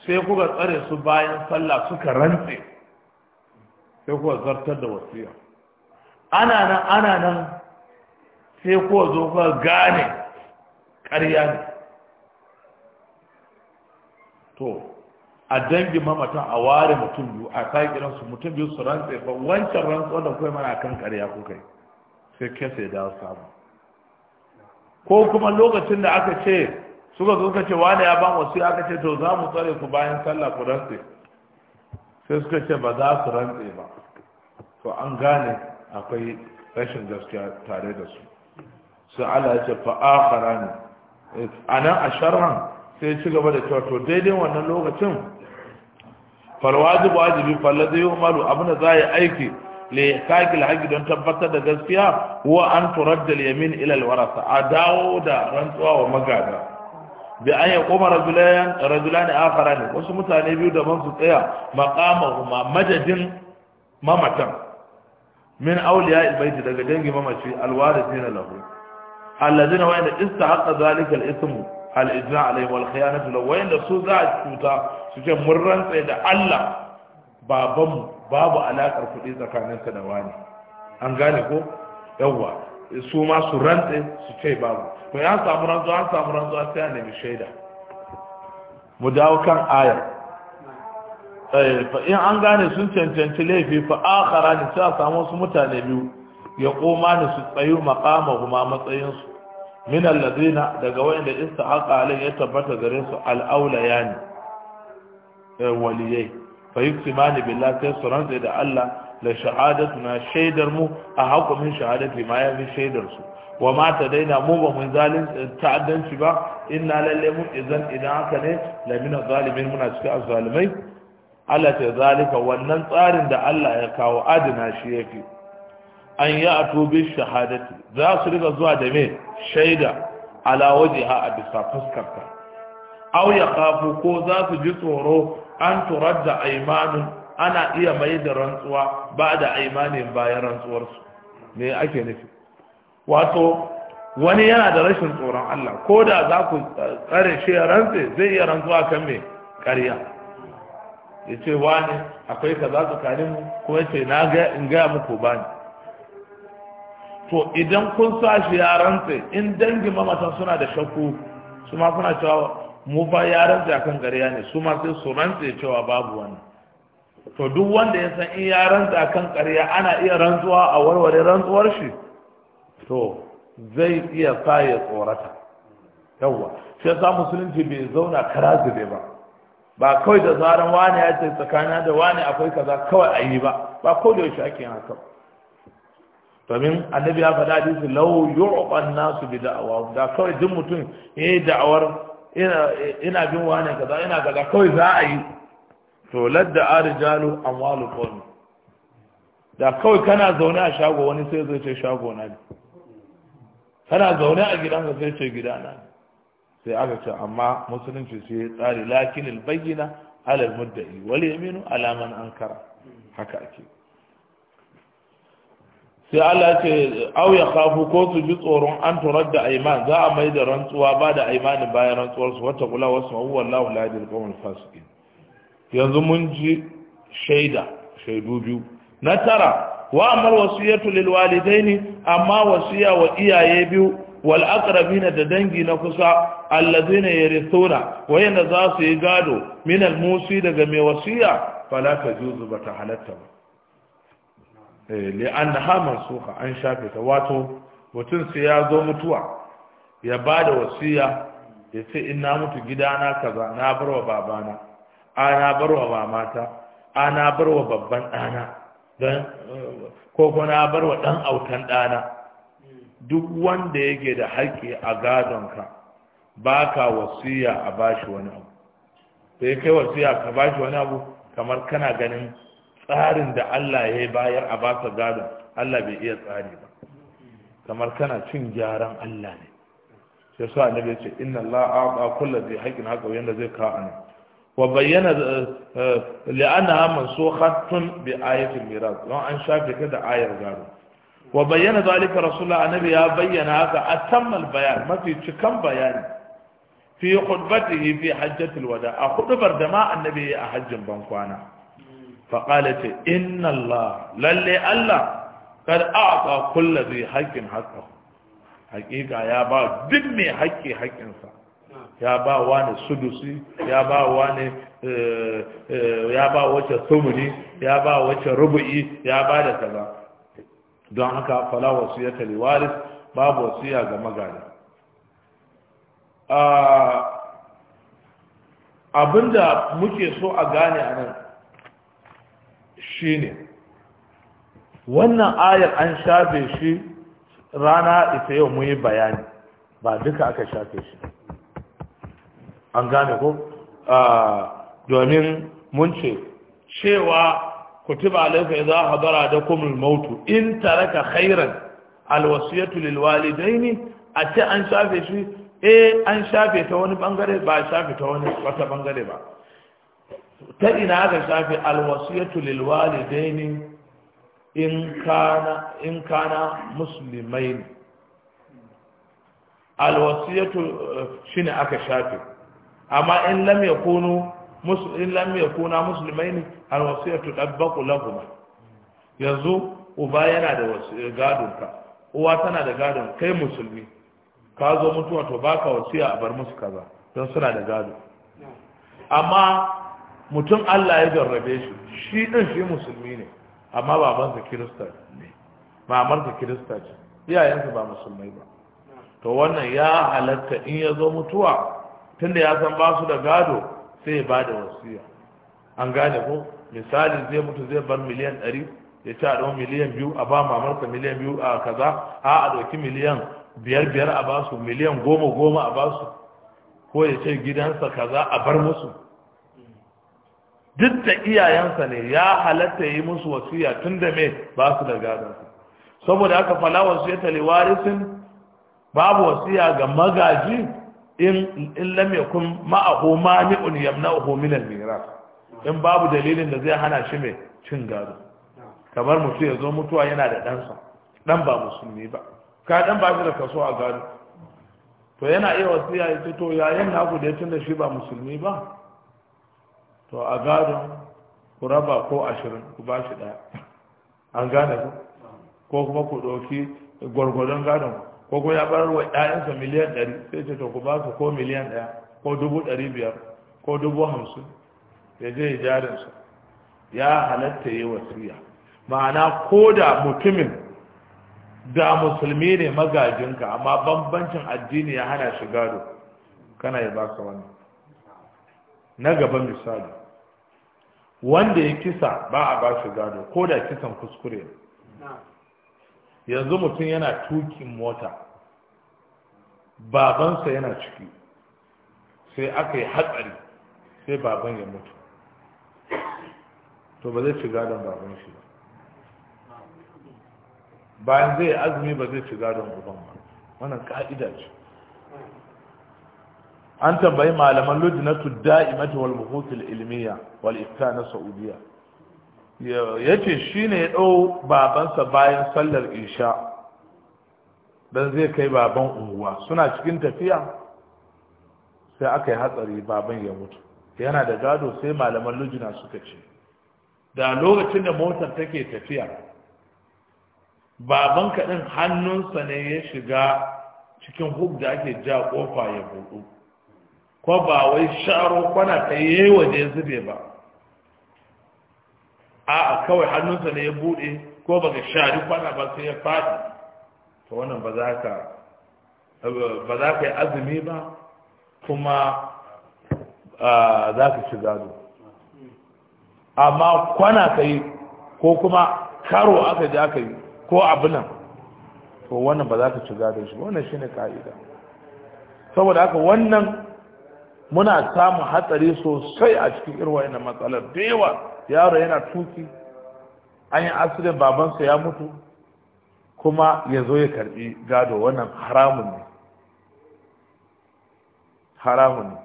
sai kuka tsare su bayan sallah suka rantse sai kuka zartar da wasiya ana nan ana nan sai kuka zo kuka gane ƙarya ne to a dangin mamata a ware mutum biyu a sa kiran su mutum biyu su rantse ba wancan rantsuwa da kai mana kan ƙarya kuka sai kesa ya dawo samu ko kuma lokacin da aka ce suka zo ce wani ya ba mu sai aka ce to za mu tsare ku bayan sallah ku rantse sai suka ce ba za su rantse ba to an gane akwai rashin gaskiya tare da su sai Allah ya ce fa akhara ne anan a sharhan sai ci gaba da cewa to daidai wannan lokacin falwajibu wajibi falladhi yumalu abuna za a yi aiki le kakil haƙi don tabbatar da gaskiya wa an turadda yamin ilal warasa a dawo da rantsuwa wa magada bi an ya koma rajulan rajulani wasu mutane biyu da ban su tsaya maqamahuma majadin mamatan min awliya albayt daga dangi mamaci alwarithina lahu allazina wa inda istahaqqa zalika al-ismu al-ijra alai wal khiyanatu wayan da su za a cuta su ce mun rantsa da Allah babanmu babu alakar kuɗi ka da wani an gane ko yawwa su ma su rantse su ce babu to ya samu rantsuwa an samu rantsuwa sai a nemi shaida mu dawo kan ayar eh, fa in an gane sun cancanci laifi fa akhara ne sai a samu wasu mutane biyu ya koma ne su tsayu maqama kuma matsayinsu min allazina daga wanda istahaqa alai ya tabbata gare su al-awlayani eh, waliyai fa yuksimani billahi sai su rantsa da Allah la shahadatuna shaidar mu a haƙo min shahadati ma ya fi shaidar su wa ma ta daina mu ba mun zalin eh, ta'addanci ba inna lalle mun idan idan haka ne la min zalimin muna cikin azzalimai Allah ta zalika wannan tsarin da Allah ya kawo adina shi yake an yi a tobe shahadati za su riga zuwa da me shaida ala waje ha a bisa fuskarta au ya kafu ko za su ji tsoro an turar da aimanin ana iya mai da rantsuwa ba da aimanin bayan rantsuwarsu me ake nufi wato wani yana da rashin tsoron Allah ko da za ku tsare shi ya rantse zai iya rantsuwa kan mai ƙarya ya ce wani akwai ka za tsakanin mu kuma ce na ga in gaya muku bani to idan kun sa shi ya rantse in dangin mamatan suna da shakku su ma suna cewa mu ba yaranta a kan ƙarya ne su ma sai su rantse cewa babu wani to duk wanda ya san in yaranta a kan ƙarya ana iya rantsuwa a warware rantsuwar shi to zai iya sa ya tsorata yawwa shi yasa musulunci bai zauna kara zube ba ba kawai da zaran wani ya ce tsakanin da wani akwai kaza kawai a yi ba ba kawai da yaushe ake haka domin annabi ya faɗa hadisi law yu'qan nasu bi da'awa da kawai duk mutum yayi da'awar ina ina bin wani kaza ina kaza kawai za a yi to ladda arjalu amwalu qawmi da kawai kana zaune a shago wani sai zai ce shago na ne kana zaune a gidan ka sai ce gidana ne sai aka ce amma musulunci sai ya tsari lakin albayyina alal muddai wal yaminu ala man ankara haka ake sai Allah ce au ya khafu ko su ji tsoron an turar da aiman za a mai da rantsuwa ba da aimanin bayan rantsuwar su wata kula wasu huwa Allahu la yadil qawm yanzu mun ji shaida shaidu biyu na tara wa amar tulil walidai walidaini amma wasiya wa iyaye biyu wal aqrabina da dangi na kusa allazina yarithuna wayanda za su yi gado min al musi daga mai wasiya fala tajuzu bata halatta ba da eh, ha mansuha an shafe ta wato mutum sai ya zo mutuwa ya ba da wasiya ya ce in na mutu gidana kaza na bar wa babana ana bar wa mamata ana bar wa babban ɗana don koko na bar wa ɗan autan ɗana duk wanda yake da haƙƙi a gadonka ba ka wasiya a bashi wani abu sai kai wasiya ka bashi wani abu kamar kana ganin tsarin da Allah ya bayar a basa gadon Allah bai iya tsari ba kamar kana cin gyaran Allah ne sai su annabi ce inna Allah aqa kullu bi haqqin haqqa yanda zai kawo an wa bayyana eh, eh, li'annaha mansukhatun bi ayatil miras don an shafe ta da ayar gado wa bayyana zalika rasulullah annabi ya bayyana haka atammal bayan mafi cikan bayani fi khutbatihi fi hajjatil wada a khutbar da ma annabi a hajjin ban kwana faƙalata inna Allah lalle Allah kad a'ta kullu zai haƙƙin haƙƙa haƙiƙa ya ba duk mai haƙƙi haƙƙinsa ya ba wani sudusi ya ba wani ya ba wace sumuni ya ba wace rubu'i ya ba da kaza don haka fala wasiyata liwaris babu wasiya ga magana abinda muke so a gane anan. shine wannan ayar an shafe shi rana ita yau mun yi bayani ba duka aka shafe shi an gane ko ah, domin mun ce cewa kutuba za a bara da kumul mautu in taraka khairan alwasiyatu wasiyatu lil walidaini a ce an shafe shi eh an shafe ta wani bangare ba shafe ta wani wata bangare ba ta ina aka shafi alwasiyatu lil walidaini in kana in kana muslimain alwasiyatu shine aka shafi amma in lam yakunu in lam yakuna muslimain alwasiyatu tabbaqu lahum yanzu uba yana da gadon ka uwa tana da gadon kai musulmi ka zo mutuwa to baka wasiya a bar musu kaza don suna da gado amma mutum Allah ya jarrabe shi shi ɗin shi musulmi ne amma babansa kirista ne mamarsa kirista ce iyayensa ba musulmai ba to wannan ya halatta in ya zo mutuwa tunda ya san ba su da gado sai ya ba da wasiya an gane ko misali zai mutu zai bar miliyan ɗari ya ci a miliyan biyu a ba mamarsa miliyan biyu a kaza a a ɗauki miliyan biyar biyar a ba su, miliyan goma goma a ba su. ko ya ce gidansa kaza a bar musu duk da iyayensa ne ya halatta yi musu wasiya tun da me ba su da gadon saboda aka fala wasiyata liwarisin babu wasiya ga magaji in in lam yakun ma'ahu mani'un yamna'uhu min al-miras in babu dalilin da zai hana shi mai cin gado kamar mutum ya zo mutuwa yana da ɗansa ɗan ba musulmi ba ka ɗan ba shi da kaso a gado to yana iya wasiya ya fito yayin naku da ya tun da shi ba musulmi ba to a gadon ku raba ko ashirin ku ba shi ɗaya an gane ku ko kuma ku ɗauki gwargwadon gadon ko kuma ya barar wa ɗayansa miliyan ɗari sai ce to ku ba su ko miliyan ɗaya ko dubu ɗari biyar ko dubu hamsin ya je ya jarinsa ya halatta yi wasiya ma'ana ko da mutumin da musulmi ne magajinka amma bambancin addini ya hana shi gado kana ya baka wani. na gaban misali wanda ya kisa ba a ba shi gado ko da kisan kuskure yanzu mutum yana tukin mota babansa yana ciki sai aka yi hatsari sai baban ya mutu to ba zai ci gadon baban shi ba bayan zai azumi ba zai ci gadon uban ba wannan ka'ida ce an tambayi malaman lujnatu da'imati wal buhutul ilmiya wal ifta na saudiya yace shine ya dau babansa bayan sallar isha dan zai kai baban unguwa suna cikin tafiya sai aka yi hatsari baban ya mutu yana da gado sai malaman lujina suka ce da lokacin da motar take tafiya baban kaɗin hannunsa ne ya shiga cikin huk da ake ja ƙofa ya buɗu ko ba wai sharo kwana ta yi waje zube ba a kawai hannunsa ne ya buɗe ko ba ga shari kwana ba sai ya faɗi to wannan ba za ka ba za ka yi azumi ba kuma za ka ci gado amma kwana ka yi ko kuma karo aka ji aka yi ko abinan to wannan ba za ka ci gado shi wannan shi ne ka'ida saboda haka wannan muna samun hatsari sosai a cikin irin na matsalar da yawa yaro yana tuki an yi asirin babansa ya mutu kuma ya zo ya karbi gado wannan haramun ne haramun ne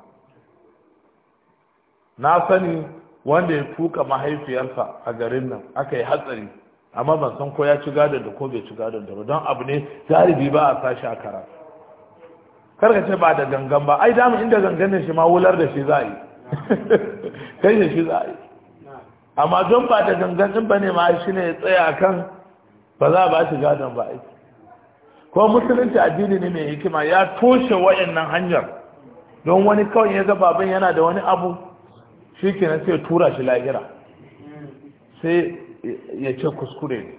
na sani wanda ya tuka mahaifiyarsa a garin nan aka yi hatsari amma ban san ko ya ci gadon da ko bai ci gadon da ba don abu ne jaribi ba a sashi a karatu karka ce ba da gangan ba ai damu inda gangan shi ma wular da shi za a yi [LAUGHS] kai da shi za yi amma don ba da gangan din ba ne ma shi ne tsaya kan ba za ba shi gadon ba aiki ko musulunci addini ne mai hikima ya toshe wayannan hanyar don wani kawai ya ga baban yana da wani abu shi sai tura shi lahira sai ya ce kuskure ne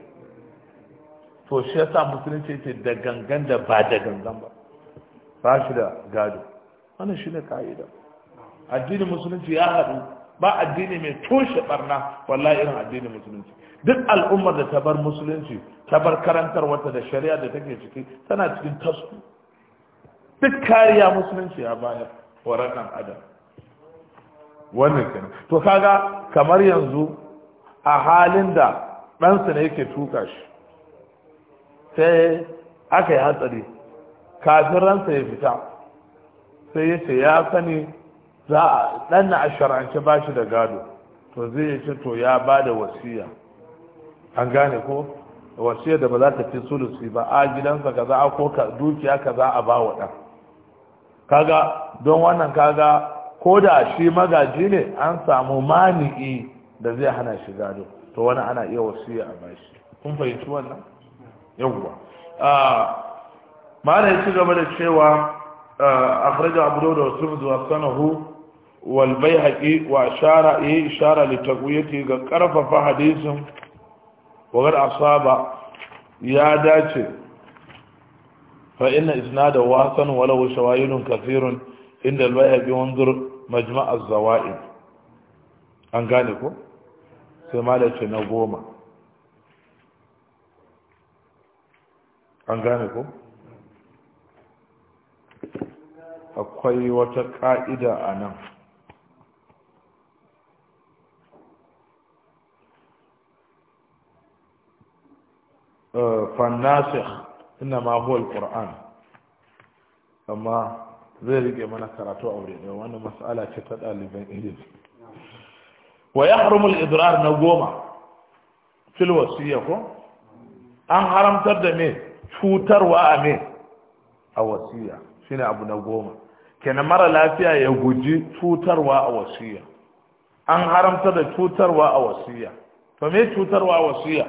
to shi yasa musulunci ce da gangan da ba da gangan ba ba shi da gado wannan shi ne ka'ida addinin musulunci ya haɗu ba addini mai toshe barna wallahi irin addinin musulunci duk al'ummar da ta bar musulunci ta bar karantar wata da shari'a da take ciki tana cikin tasku duk kariya musulunci ya bayar wa ɗan adam wannan kenan to kaga kamar yanzu a halin da ɗansa ne yake tuka shi sai aka yi hatsari kafin ransa ya fita sai ya ce ya sani za a ɗan a shar'ance ba shi da gado to zai yi ce to ya ba da wasiya an gane ko wasiya da ba za ta fi sulusi ba a gidansa kaza a ko dukiya kaza a ba wa ɗan kaga don wannan kaga ko da shi magaji ne an samu mani'i da zai hana shi gado to wani ana iya wasiya a bashi kun fahimci wannan yawwa ah, ma'ana ci gaba da cewa eh, akhraja abu dawud wa tirmidhi wa sanahu wal bayhaqi wa ashara ya ishara li taqwiyati ga karfafa hadisin wagar asaba ya dace fa inna da wasan walau shawayinun kathirun inda al bayhaqi wanzur majma'ar az-zawaid an gane ko sai ce na goma an gane ko akwai wata ƙa'ida a nan uh, fannasir ina ma huwal Kur'an, amma zai rike mana karatu a wuri ne wani matsala ce ta ɗaliban ilil wa ya harumul idrar na goma fil ko an haramtar da me cutarwa a me a wasiya shine abu na goma kenan mara lafiya ya guji cutarwa a wasiya an haramta da cutarwa a wasiya to me cutarwa a wasiya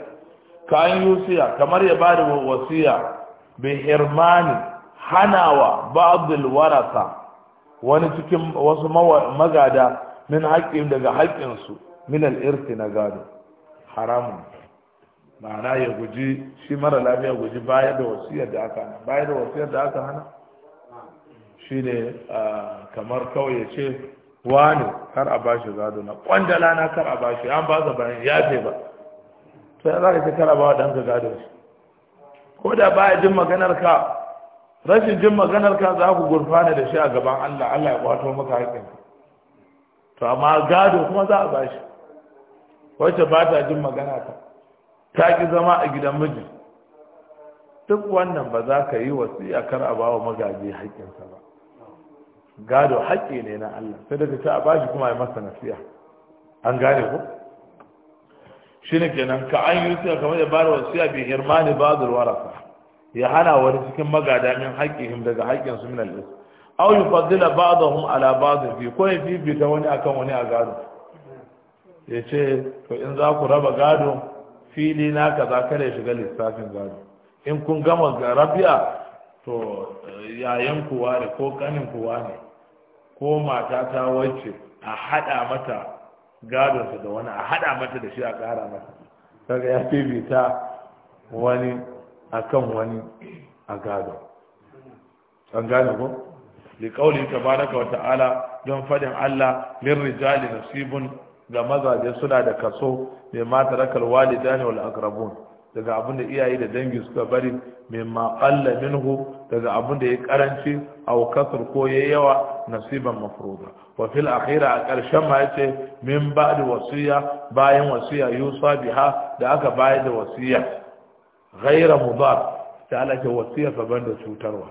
ka an yusiya kamar ya bada wasiya bi hirmani hanawa ba'dul warasa wani cikin wasu magada min haƙƙin daga su min al'irti na gado haramun ma'ana ya guji shi mara lafiya guji bayar da wasiyar da aka hana bayar da wasiyar da aka hana shi ne kamar kawai ya ce wani kar a bashi gado na kwandala na kar a bashi an ba za bayan ya ce ba sai za ka ce kar a ba wa ɗanka gado shi ko da ba ya jin maganar ka rashin jin maganar ka za ku gurfana da shi a gaban Allah Allah ya kwato maka haƙƙin to amma gado kuma za a bashi wacce ba ta jin magana ta ta ki zama a gidan miji duk wannan ba za ka yi wasiya kar a bawa magaji haƙƙinsa ba gado haƙƙi ne na Allah sai da ta bashi kuma ya masa nasiya an gane ku. shi ne kenan ka an yi sai kamar da bayar wasiya bi hirmani ba'dul warasa ya hana wani cikin magada min haƙƙihim daga haƙƙin su min al-is aw yufaddila ba'dahum ala ba'd fi ko ya bibita wani akan wani a gado ya ce to in za ku raba gado fili na kaza kada ya shiga lissafin gado in kun gama rabiya to eh, yayan kuwa ne ko kanin kuwa ne ko mata ta wacce a haɗa mata gadonsa da wani a haɗa mata da shi a ƙara mata kaga ya ta wani akan wani a gado an gane ko ta tabaraka wa ta'ala don fadin Allah lir rijali nasibun ga mazaje suna da kaso mai mata rakal walidani wal akrabun daga abin da iyaye da dangi suka bari mai ma minhu daga abin da ya karanci a kasr ko ya yawa nasiban mafruda wa fil akhira a ƙarshen ma yace min ba'di wasiya bayan wasiya yusa biha da aka bayar da wasiya ghayra mudar ta ke wasiya fa banda cutarwa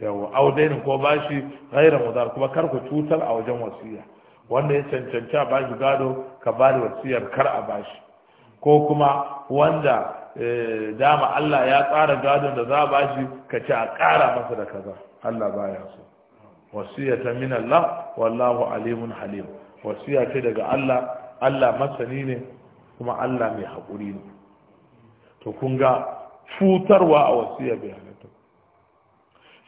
yawa aw ko bashi ghayra mudar kuma kar ku cutar a wajen wasiya wanda ya cancanci a bashi gado ka bada wasiyar kar a bashi ko kuma wanda Eh, dama Allah ya tsara gadon da za a bashi ka ci a ƙara masa da kaza Allah ya so wasiya ta min Allah wallahu alimun halim wasiya ce daga Allah Allah masani ne kuma Allah mai haƙuri ne to kun ga futarwa a wasiya bai halatta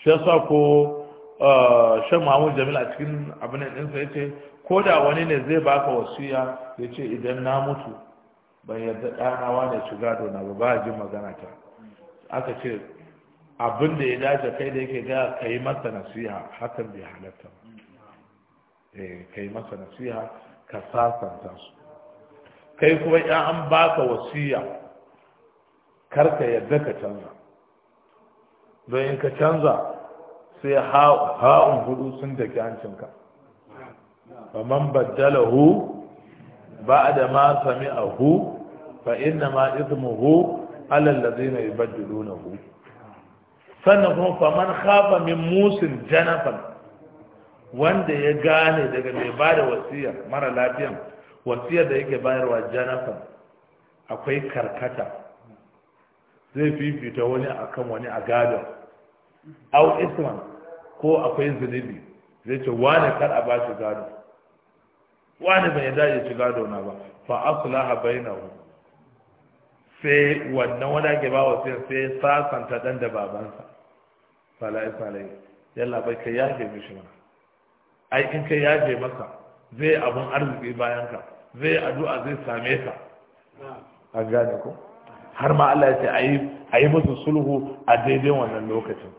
shi yasa ko eh, shan mahamud Jamil a cikin abin da ɗinsa ya ce ko da wani ne zai baka wasiya ce idan na mutu ban yadda ɗanawa ne shiga dona ba ba jin magana ta aka ce abin da ya dace kai da yake gaya ka yi masa nasiha hakan bai halatta ba eh, ka yi masa nasiha ka sasanta su kai kuma ya an baka wasiya kar ka yadda ka canza don in ka canza sai ha'un hudu sun daki hancinka baddala hu, ba da ma sami a hu. fa inna ma ismuhu ala allazina hu. sannan kuma faman khafa min musin janafan wanda ya gane daga mai bada wasiya mara lafiyan wasiyar da yake bayarwa janafan akwai karkata zai fifita wani akan wani a gadon au isman ko akwai zunubi zai ce wani kar a bashi gado wani bai yarda ya ci gado na ba fa aslaha bainahu sai wannan wani ake ba wa sai sai sasanta dan da babansa falai falai yalla bai kai yaje mishi ma ai in kai yaje masa zai abun arziki bayan ka zai addu'a zai same ka a gane ko har ma Allah ya ce ayi ayi musu sulhu a daidai wannan lokacin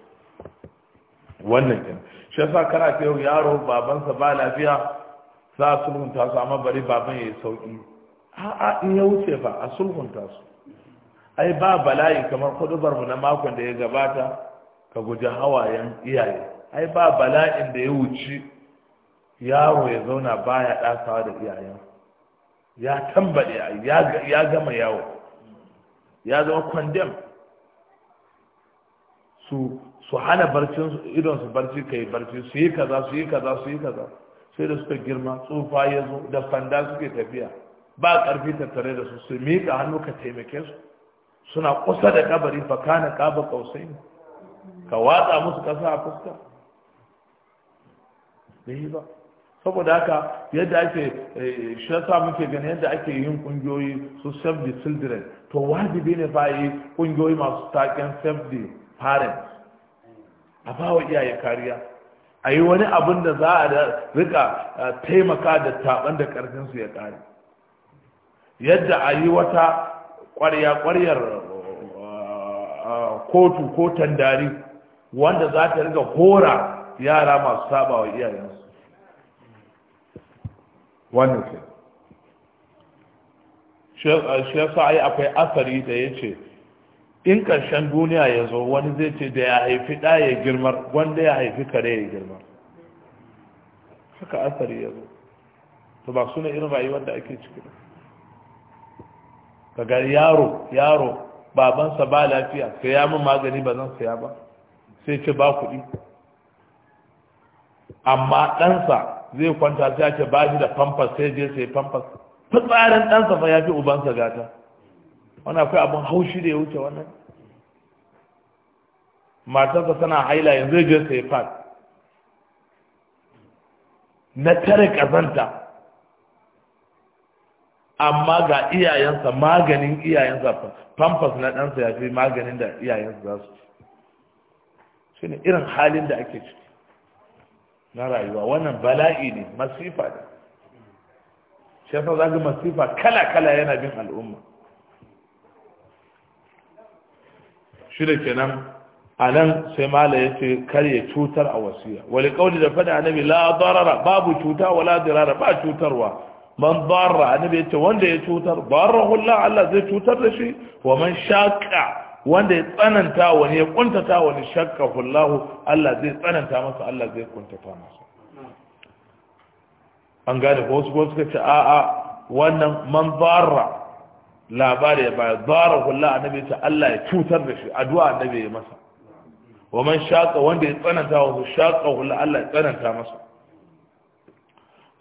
wannan kin shi yasa kana ce yaro babansa ba lafiya za a sulhunta su amma bari baban ya yi sauki a'a in ya wuce fa a sulhunta su ai ba bala'i kamar kudubar mu na makon da ya gabata ka guji hawayen iyaye ai ba bala'in da ya wuci yaro ya zauna baya ɗasawa da iyayen ya tambade ya gama yawo ya zama kwandem su su hana barcin idon su barci kai barci su yi kaza su yi kaza su yi kaza sai da suka girma tsufa ya zo da fanda suke tafiya ba karfi tattare da su su mika hannu ka taimake su suna kusa da kabari fa kana kaba kausai ka watsa musu kasa a fuska bai ba saboda haka yadda ake eh, shi yasa muke gani yadda ake yin kungiyoyi su save the children to wajibi ne fa yi kungiyoyi masu taken save the parents a ba wa iyaye kariya a yi wani abin da za a rika eh, taimaka da taɓan da ƙarfinsu ya ƙare yadda a yi wata ƙwarya ƙwaryar uh, uh, kotu ko tandari wanda za ta riga hora yara masu saba wa iyayensu wannan ke uh, shi yasa ai akwai asari da ya ce in ƙarshen duniya ya zo wani zai ce da ya haifi ɗa ya girmar wanda ya haifi kare ya girmar haka asari ya zo to ba suna irin rayuwar da ake ciki ba daga yaro yaro babansa ba lafiya saya min magani ba zan saya ba sai ce ba kuɗi amma ɗansa zai kwanta sai ce ba shi da pampas sai je sai famfas fitsarin ɗansa fa ya fi ubansa gata wani akwai abin haushi da ya wuce wannan matarsa tana haila yanzu je sai fat na tare kazanta. amma ga iyayensa maganin iyayensa pampas na ɗansa ya fi maganin da iyayensa za su shi ne irin halin da ake ciki na rayuwa wannan bala'i ne masifa ne shi yasa za ga masifa kala-kala yana bin al'umma shi da kenan a nan sai mala ya ce karye cutar a wasiya wali kauli da fada annabi la darara babu cuta wala dirara ba cutarwa man barra annabi yace wanda ya cutar barra Allah Allah zai cutar da shi wa man shaqa wanda ya tsananta wani ya kuntata wani shakka Allah Allah zai tsananta masa Allah zai kuntata masa an gane ko wasu suka ce a a wannan man barra labari ya bayar barrahu Allah annabi yace Allah ya cutar da shi addu'a annabi ya masa wa man shaqa wanda ya tsananta wa shaqa Allah Allah ya tsananta masa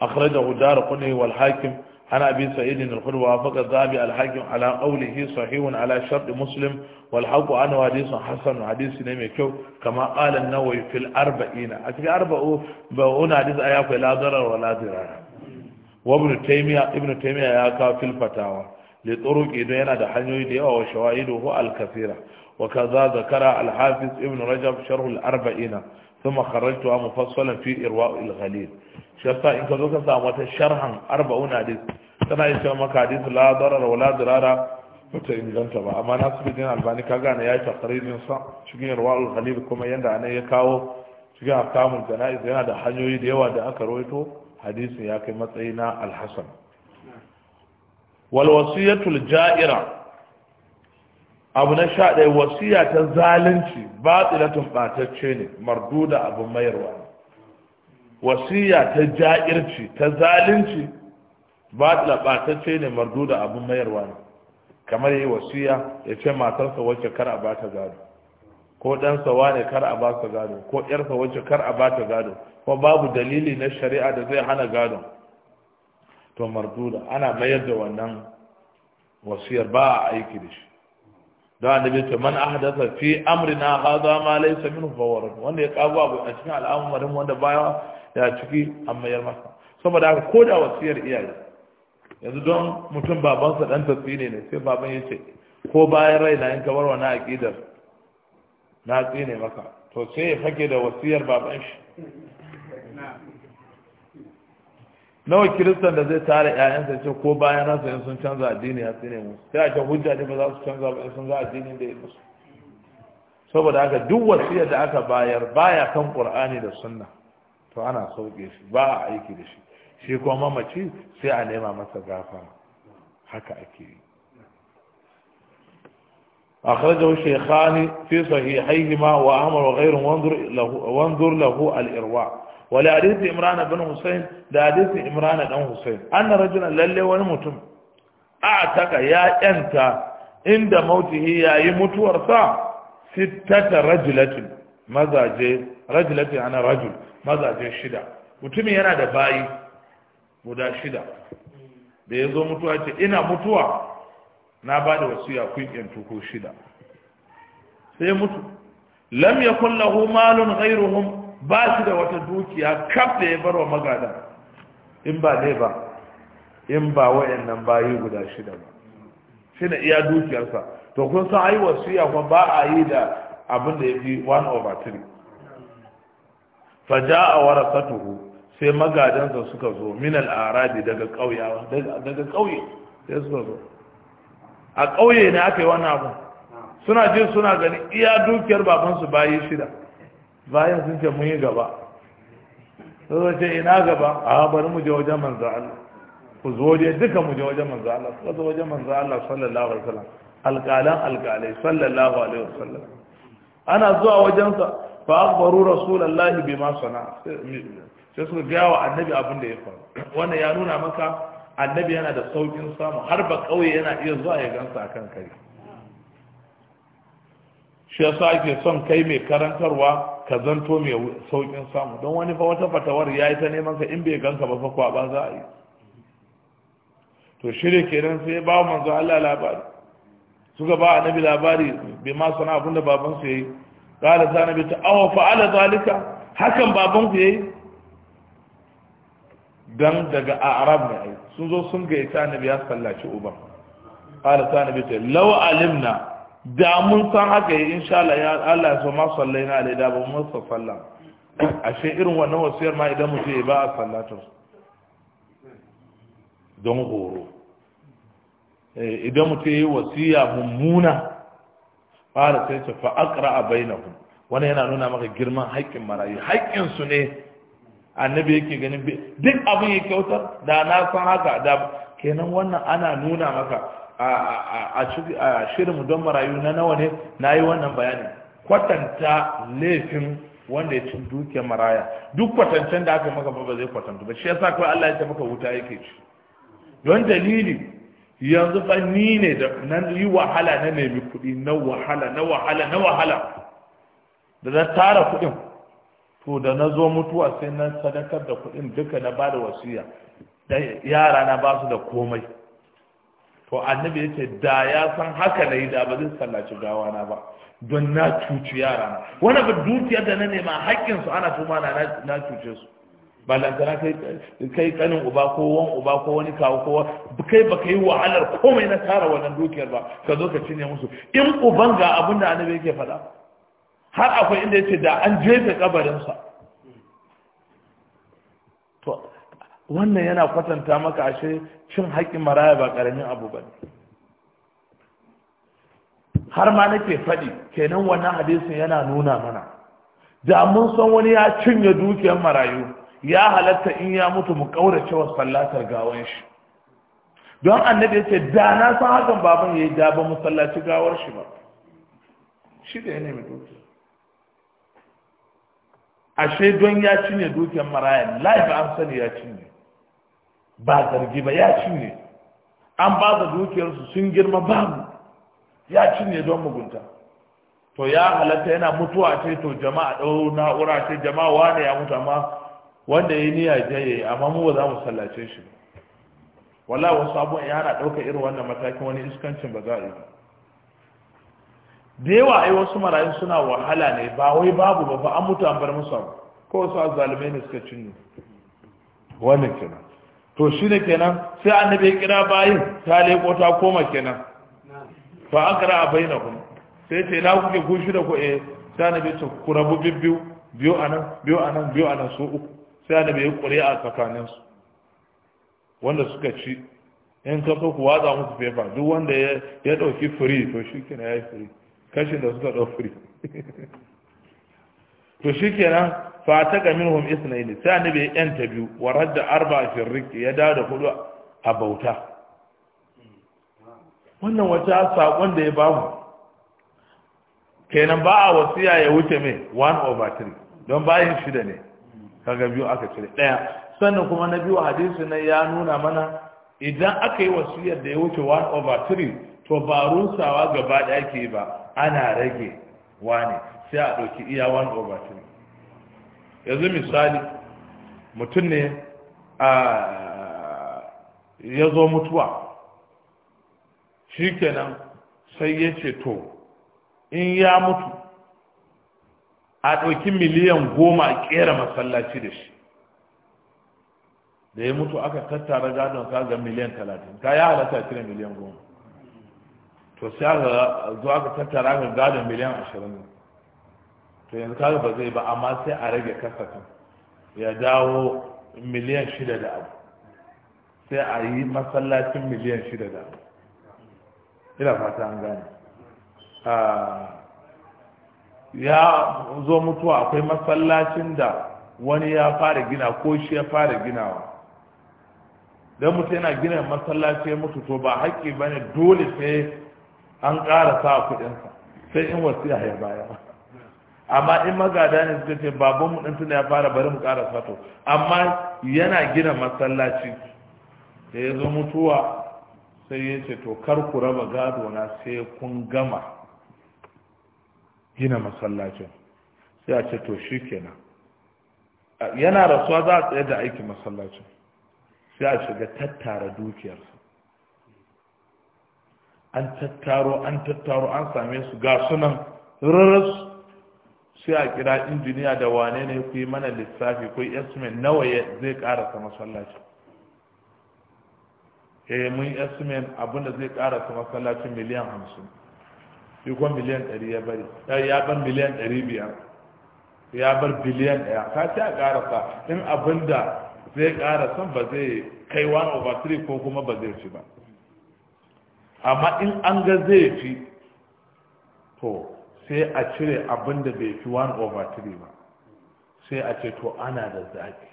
أخرجه دار قنه والحاكم عن أبي سعيد الخلوة وافق الذهبي الحاكم على قوله صحيح على شرط مسلم والحق عنه حديث حسن حديث نمي كو كما قال النووي في الأربعين أتي أربع بأون حديث أياك لا ضرر ولا ضرر وابن تيمية ابن تيمية أياك في الفتاوى لطرق إدوين هذا حنيوي ديوة وشوائده الكثيرة وكذا ذكر الحافظ ابن رجب شرح الأربعين ثم خرجتها مفصلا في إرواء الغليل shasa in ka zo ka samu wata sharhan arba'un hadis tana yi cewa maka hadis la darar wa la dirara bata inganta ba amma na su din albani ka gane ya yi takaririn sa cikin rawal khalil kuma yanda anan ya kawo cikin akamun jana'iz yana da hanyoyi da yawa da aka rawaito hadisin ya kai matsayi na alhasan wal wasiyatul ja'ira abu na sha ɗaya wasiya ta zalunci batsilatun ɓatacce ne marduda abin mayarwa wasiya ta ja'irci ta zalunci ba batila ce ne marduda abin mayarwa ne kamar yi wasiya ya ce matarsa wacce kar a bata gado ko ɗansa wane kar a ba ta gado ko ƴarsa wacce kar a ba ta gado ko babu dalili na shari'a da zai hana gado to marduda ana mayar da wannan wasiyar ba a aiki da shi don annabi ce man ahdatha fi amrina hadha ma laysa minhu fa wanda ya kago abu a cikin al'amarin wanda baya ya ciki an mayar masa saboda haka ko da wasiyar iyaye yanzu don mutum babansa dan tsine ne sai baban ya ce ko bayan rai na in kamar wani aƙidar na tsine maka to sai ya fage da wasiyar baban shi nawa kiristan da zai tara ƴaƴansa ce ko bayan rasa in sun canza addini ya tsine mu sai a ta hujja ne ba za su canza ba in sun za addini da ya musu saboda haka duk wasiyar da aka bayar baya kan qur'ani da sunna to ana sauke shi ba a aiki da shi shi kuma mace sai a nema masa gafa haka ake yi a kharajahu shaykhani fi sahihayhima wa amr wa wanzur lahu wanzur lahu al-irwa wa la hadith imran ibn husayn da hadith imran dan husayn anna rajulan lalle wani mutum ataka ya yanta inda mautihi yayi mutuwarsa sittata rajulatin mazaje rajulatin ana rajul mazaje shida mutumin yana da bayi guda shida da ya zo mutuwa ce ina mutuwa na ba da ya kun ko shida sai mutu lam ya lahu malun ghayruhum ba shi da wata dukiya kaf da ya bar wa magada in ba ne ba in ba wayannan bayi guda shida ba shi na iya dukiyarsa to kun san ai wasiya kuma ba a yi da abin da ya fi 1 over 3 faja'a warasatuhu sai magadansa suka zo min al daga ƙauyawa daga ƙauye sai suka zo a ƙauye ne aka yi wannan abu suna je suna gani iya dukiyar babansu bayi shida bayan sun ce mun yi gaba sai zo ce ina gaba a bari mu je wajen manzo Allah ku zo je duka mu je wajen manzo Allah suka zo wajen manzo Allah sallallahu alaihi wasallam Alƙalan Alƙalai sallallahu alaihi wasallam ana zuwa wajensa fa rasulallahi bi ma sana sai suka ga wa annabi abin da ya faru wannan ya nuna maka annabi yana da saukin samu har ba kauye yana iya zuwa ya gansa akan kai shi yasa ake son kai mai karantarwa ka zanto mai saukin samu don wani fa wata fatawar yayi ta neman ka in bai gansa ba fa kwaba za a yi to shirye kenan sai ba manzo Allah labari suka ba annabi labari bai ma sana abinda babansu yayi qala zanabi ta awa fa'ala zalika hakan baban ku yayi dan daga arab ne ai sun zo sun ga ita nabi ya sallaci uban qala zanabi ta law alimna da mun san haka yi insha Allah ya Allah ya so ma sallaina alai da ba mu sallama ashe irin wannan wasiyar ma idan mutum ya ba a sallatar don horo idan mutum ya yi wasiya mummuna fara sai ce fa aqra bainahum wannan yana nuna maka girman haƙƙin marayu haƙƙin su ne annabi yake ganin duk abin ya kyautar da na san haka da kenan wannan ana nuna maka a a a shirin mu don marayu na nawa ne na yi wannan bayani kwatanta laifin wanda ya ci dukiyar maraya duk kwatancen da aka maka ba zai kwatantu ba shi yasa kawai Allah ya ce maka wuta yake ci don dalili yanzu fa ni ne da na yi wahala na nemi kuɗi na wahala na wahala na wahala da na tara kuɗin to da na zo mutuwa sai na sadakar da kuɗin duka na bada wasiya da yara na ba su da komai to annabi yace da ya san haka na yi da ba zai sallaci gawana ba don na cuci yara na wani ba dukiyar da na nema haƙƙinsu ana tuma na cuce su Ba kana kai kanin uba ko wan uba ko wani kawo kowa kai ba ka yi wahalar komai na tara wannan dukiyar ba ka zo ka cinye musu in uban ga abin da annabi yake faɗa har akwai inda yace da an jefe kabarinsa to wannan yana kwatanta maka ashe cin haƙƙin maraya ba ƙaramin abu ba har ma nake faɗi kenan wannan hadisin yana nuna mana da mun san wani ya cinye dukiyar marayu ya halatta in ya mutu mu kaurace wa sallatar gawar shi don annabi yace da na san hakan baban yayi da ba musallaci gawar shi ba shi da yana mai dukiya ashe don ya cinye dukiyar maraya laifi an sani ya cinye ba zargi ba ya cinye an ba da dukiyarsu sun girma babu ya cinye don mugunta to ya halatta yana mutuwa ce to jama'a ɗau na'ura ce jama'a wane ya mutu amma wanda ya niyya je yayi amma mu ba za mu sallace shi ba wallahi wasu abubuwan ya na ɗauka irin wannan matakin wani iskancin ba za a yi ba da yawa ai wasu marayu suna wahala ne ba wai babu ba ba an mutu an bar musu abu ko wasu azzalumai ne suka cinye wannan kenan to shi ne kenan sai annabi ya kira bayin ta leƙo ta koma kenan fa an kira a bayyana kuma sai ce na kuke gushi da ku eh sai annabi ku rabu biyu biyu anan biyu anan biyu anan su uku sai annabi ya tsakanin tsakaninsu wanda suka ci in ka ku watsa musu fefa duk wanda ya ɗauki firi to shi kenan ya yi firi kashin da suka ɗau firi [LAUGHS] to shi kenan fata ga minhum isnaini sai annabi ya yanta biyu wa radda arba firriki ya dawo da hudu a bauta wannan wata sakon da ya bamu kenan ba a wasiya ya wuce mai one over three don bayan shida ne kaga biyu aka cire ɗaya sannan kuma na biyu hadisi na ya nuna mana idan aka yi wasiyar da ya wuce 1 over 3 to ba rusawa gaba ɗaya ke ba ana rage wane sai a ɗauki iya 1 over 3 yanzu misali mutum ne a ya zo mutuwa kenan sai ya ce to in ya mutu a ɗauki miliyan goma a ƙera masallaci da shi da ya mutu aka tattara gadon ka ga miliyan talatin ka ya halatta cire miliyan goma to sai aka zo aka tattara ga gadon miliyan ashirin to yanzu ka ba zai ba amma sai a rage kasafin ya dawo miliyan shida da abu sai a yi masallacin miliyan shida da abu ina fata an gane ah, ya zo mutuwa akwai masallacin da wani ya fara gina ko shi ya fara ginawa don mutum yana gina masallaci ya mutu to ba haƙƙi ba ne dole sai an ƙara sa kuɗinsa sai in wasiya ya baya amma in magada ne suka ce babban mu ɗin ya fara bari mu ƙara sato amma yana gina masallaci da ya zo mutuwa sai ya ce to kar ku raba gado na sai kun gama gina masallacin sai a ce to shi kenan yana rasuwa za a tsaye da aikin masallacin sai a shiga tattara dukiyarsa an tattaro an tattaro an same su ga sunan rurus sai a kira injiniya da wane ne ku yi mana lissafi ku yi nawa zai karasa masallacin eh mun estimate abinda zai karasa masallacin miliyan hamsin shi kuma miliyan ɗari ya bari ya bar miliyan ɗari biyar ya bar biliyan ɗaya ka ce a karasa in abin da zai ƙara san ba zai kai 1 over 3 ko kuma ba zai fi ba amma in an ga zai fi to sai a cire abin da bai fi 1 over 3 ba sai a ce to ana da zaki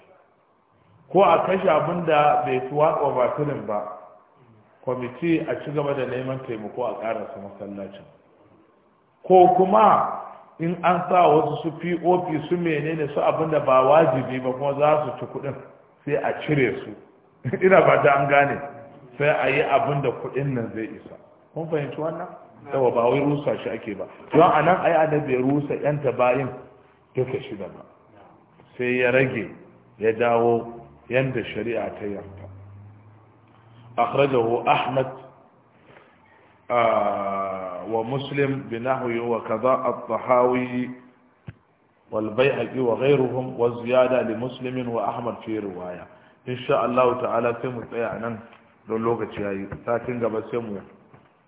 ko a kashe abin da bai fi 1 over 3 ba kwamiti a ci gaba da neman taimako a ƙarasa masallacin ko kuma in an sa wasu su pop su menene su abinda ba wajibi ba kuma za su ci kuɗin sai a cire su [LAUGHS] ina ba ta an gane sai a yi abinda kudin nan zai isa kun fahimci wannan yawa ba wai rusa shi ake ba don a nan ayi annabi ya rusa yan bayin duka shida ba sai ya rage ya dawo yanda shari'a ta yarda akhrajahu ahmad ah, wa muslim kaza ومسلم بنحو وكذا الطحاوي والبيهقي muslimin wa لمسلم وأحمد في رواية إن شاء الله تعالى سيمو تيعنا don lokaci yayi satin gaba sai mu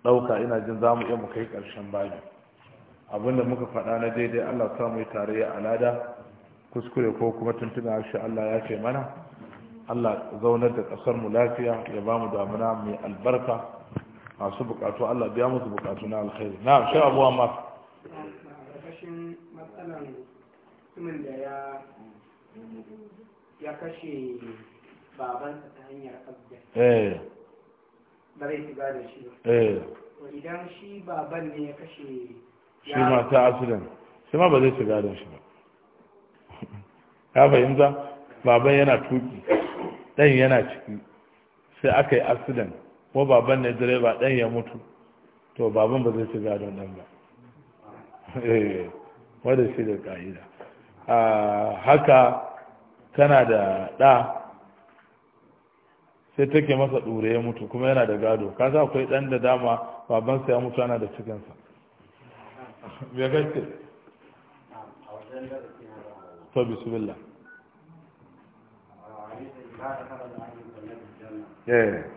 ɗauka ina jin zamu iya mu kai ƙarshen bayan abinda muka faɗa na daidai allah sa mu tare tarayya alada kuskure ko kuma tuntuna shi allah ya ce mana allah zaunar da ƙasar mu lafiya ya ba mu damuna mai albarka masu bukatu Allah biya musu bukatu na alkhairi na shi abuwa ma kashin matsalan mutumin da ya ya kashe babansa ta hanyar abda eh ba zai shiga da shi eh idan shi baban ne ya kashe shi ma ta asirin shi ma ba zai shiga da shi ba ya fahimta baban yana tuki dan yana ciki sai aka yi asidan ko baban ne direba dan ya mutu to baban ba zai ci gado ɗan ba eh, wadda shi da ƙa'ida haka tana da ɗa sai take masa ɗure ya mutu kuma yana da gado ka sa akwai ɗan da dama babansa ya mutu ana da cikinsa ya gaske to bismillah eh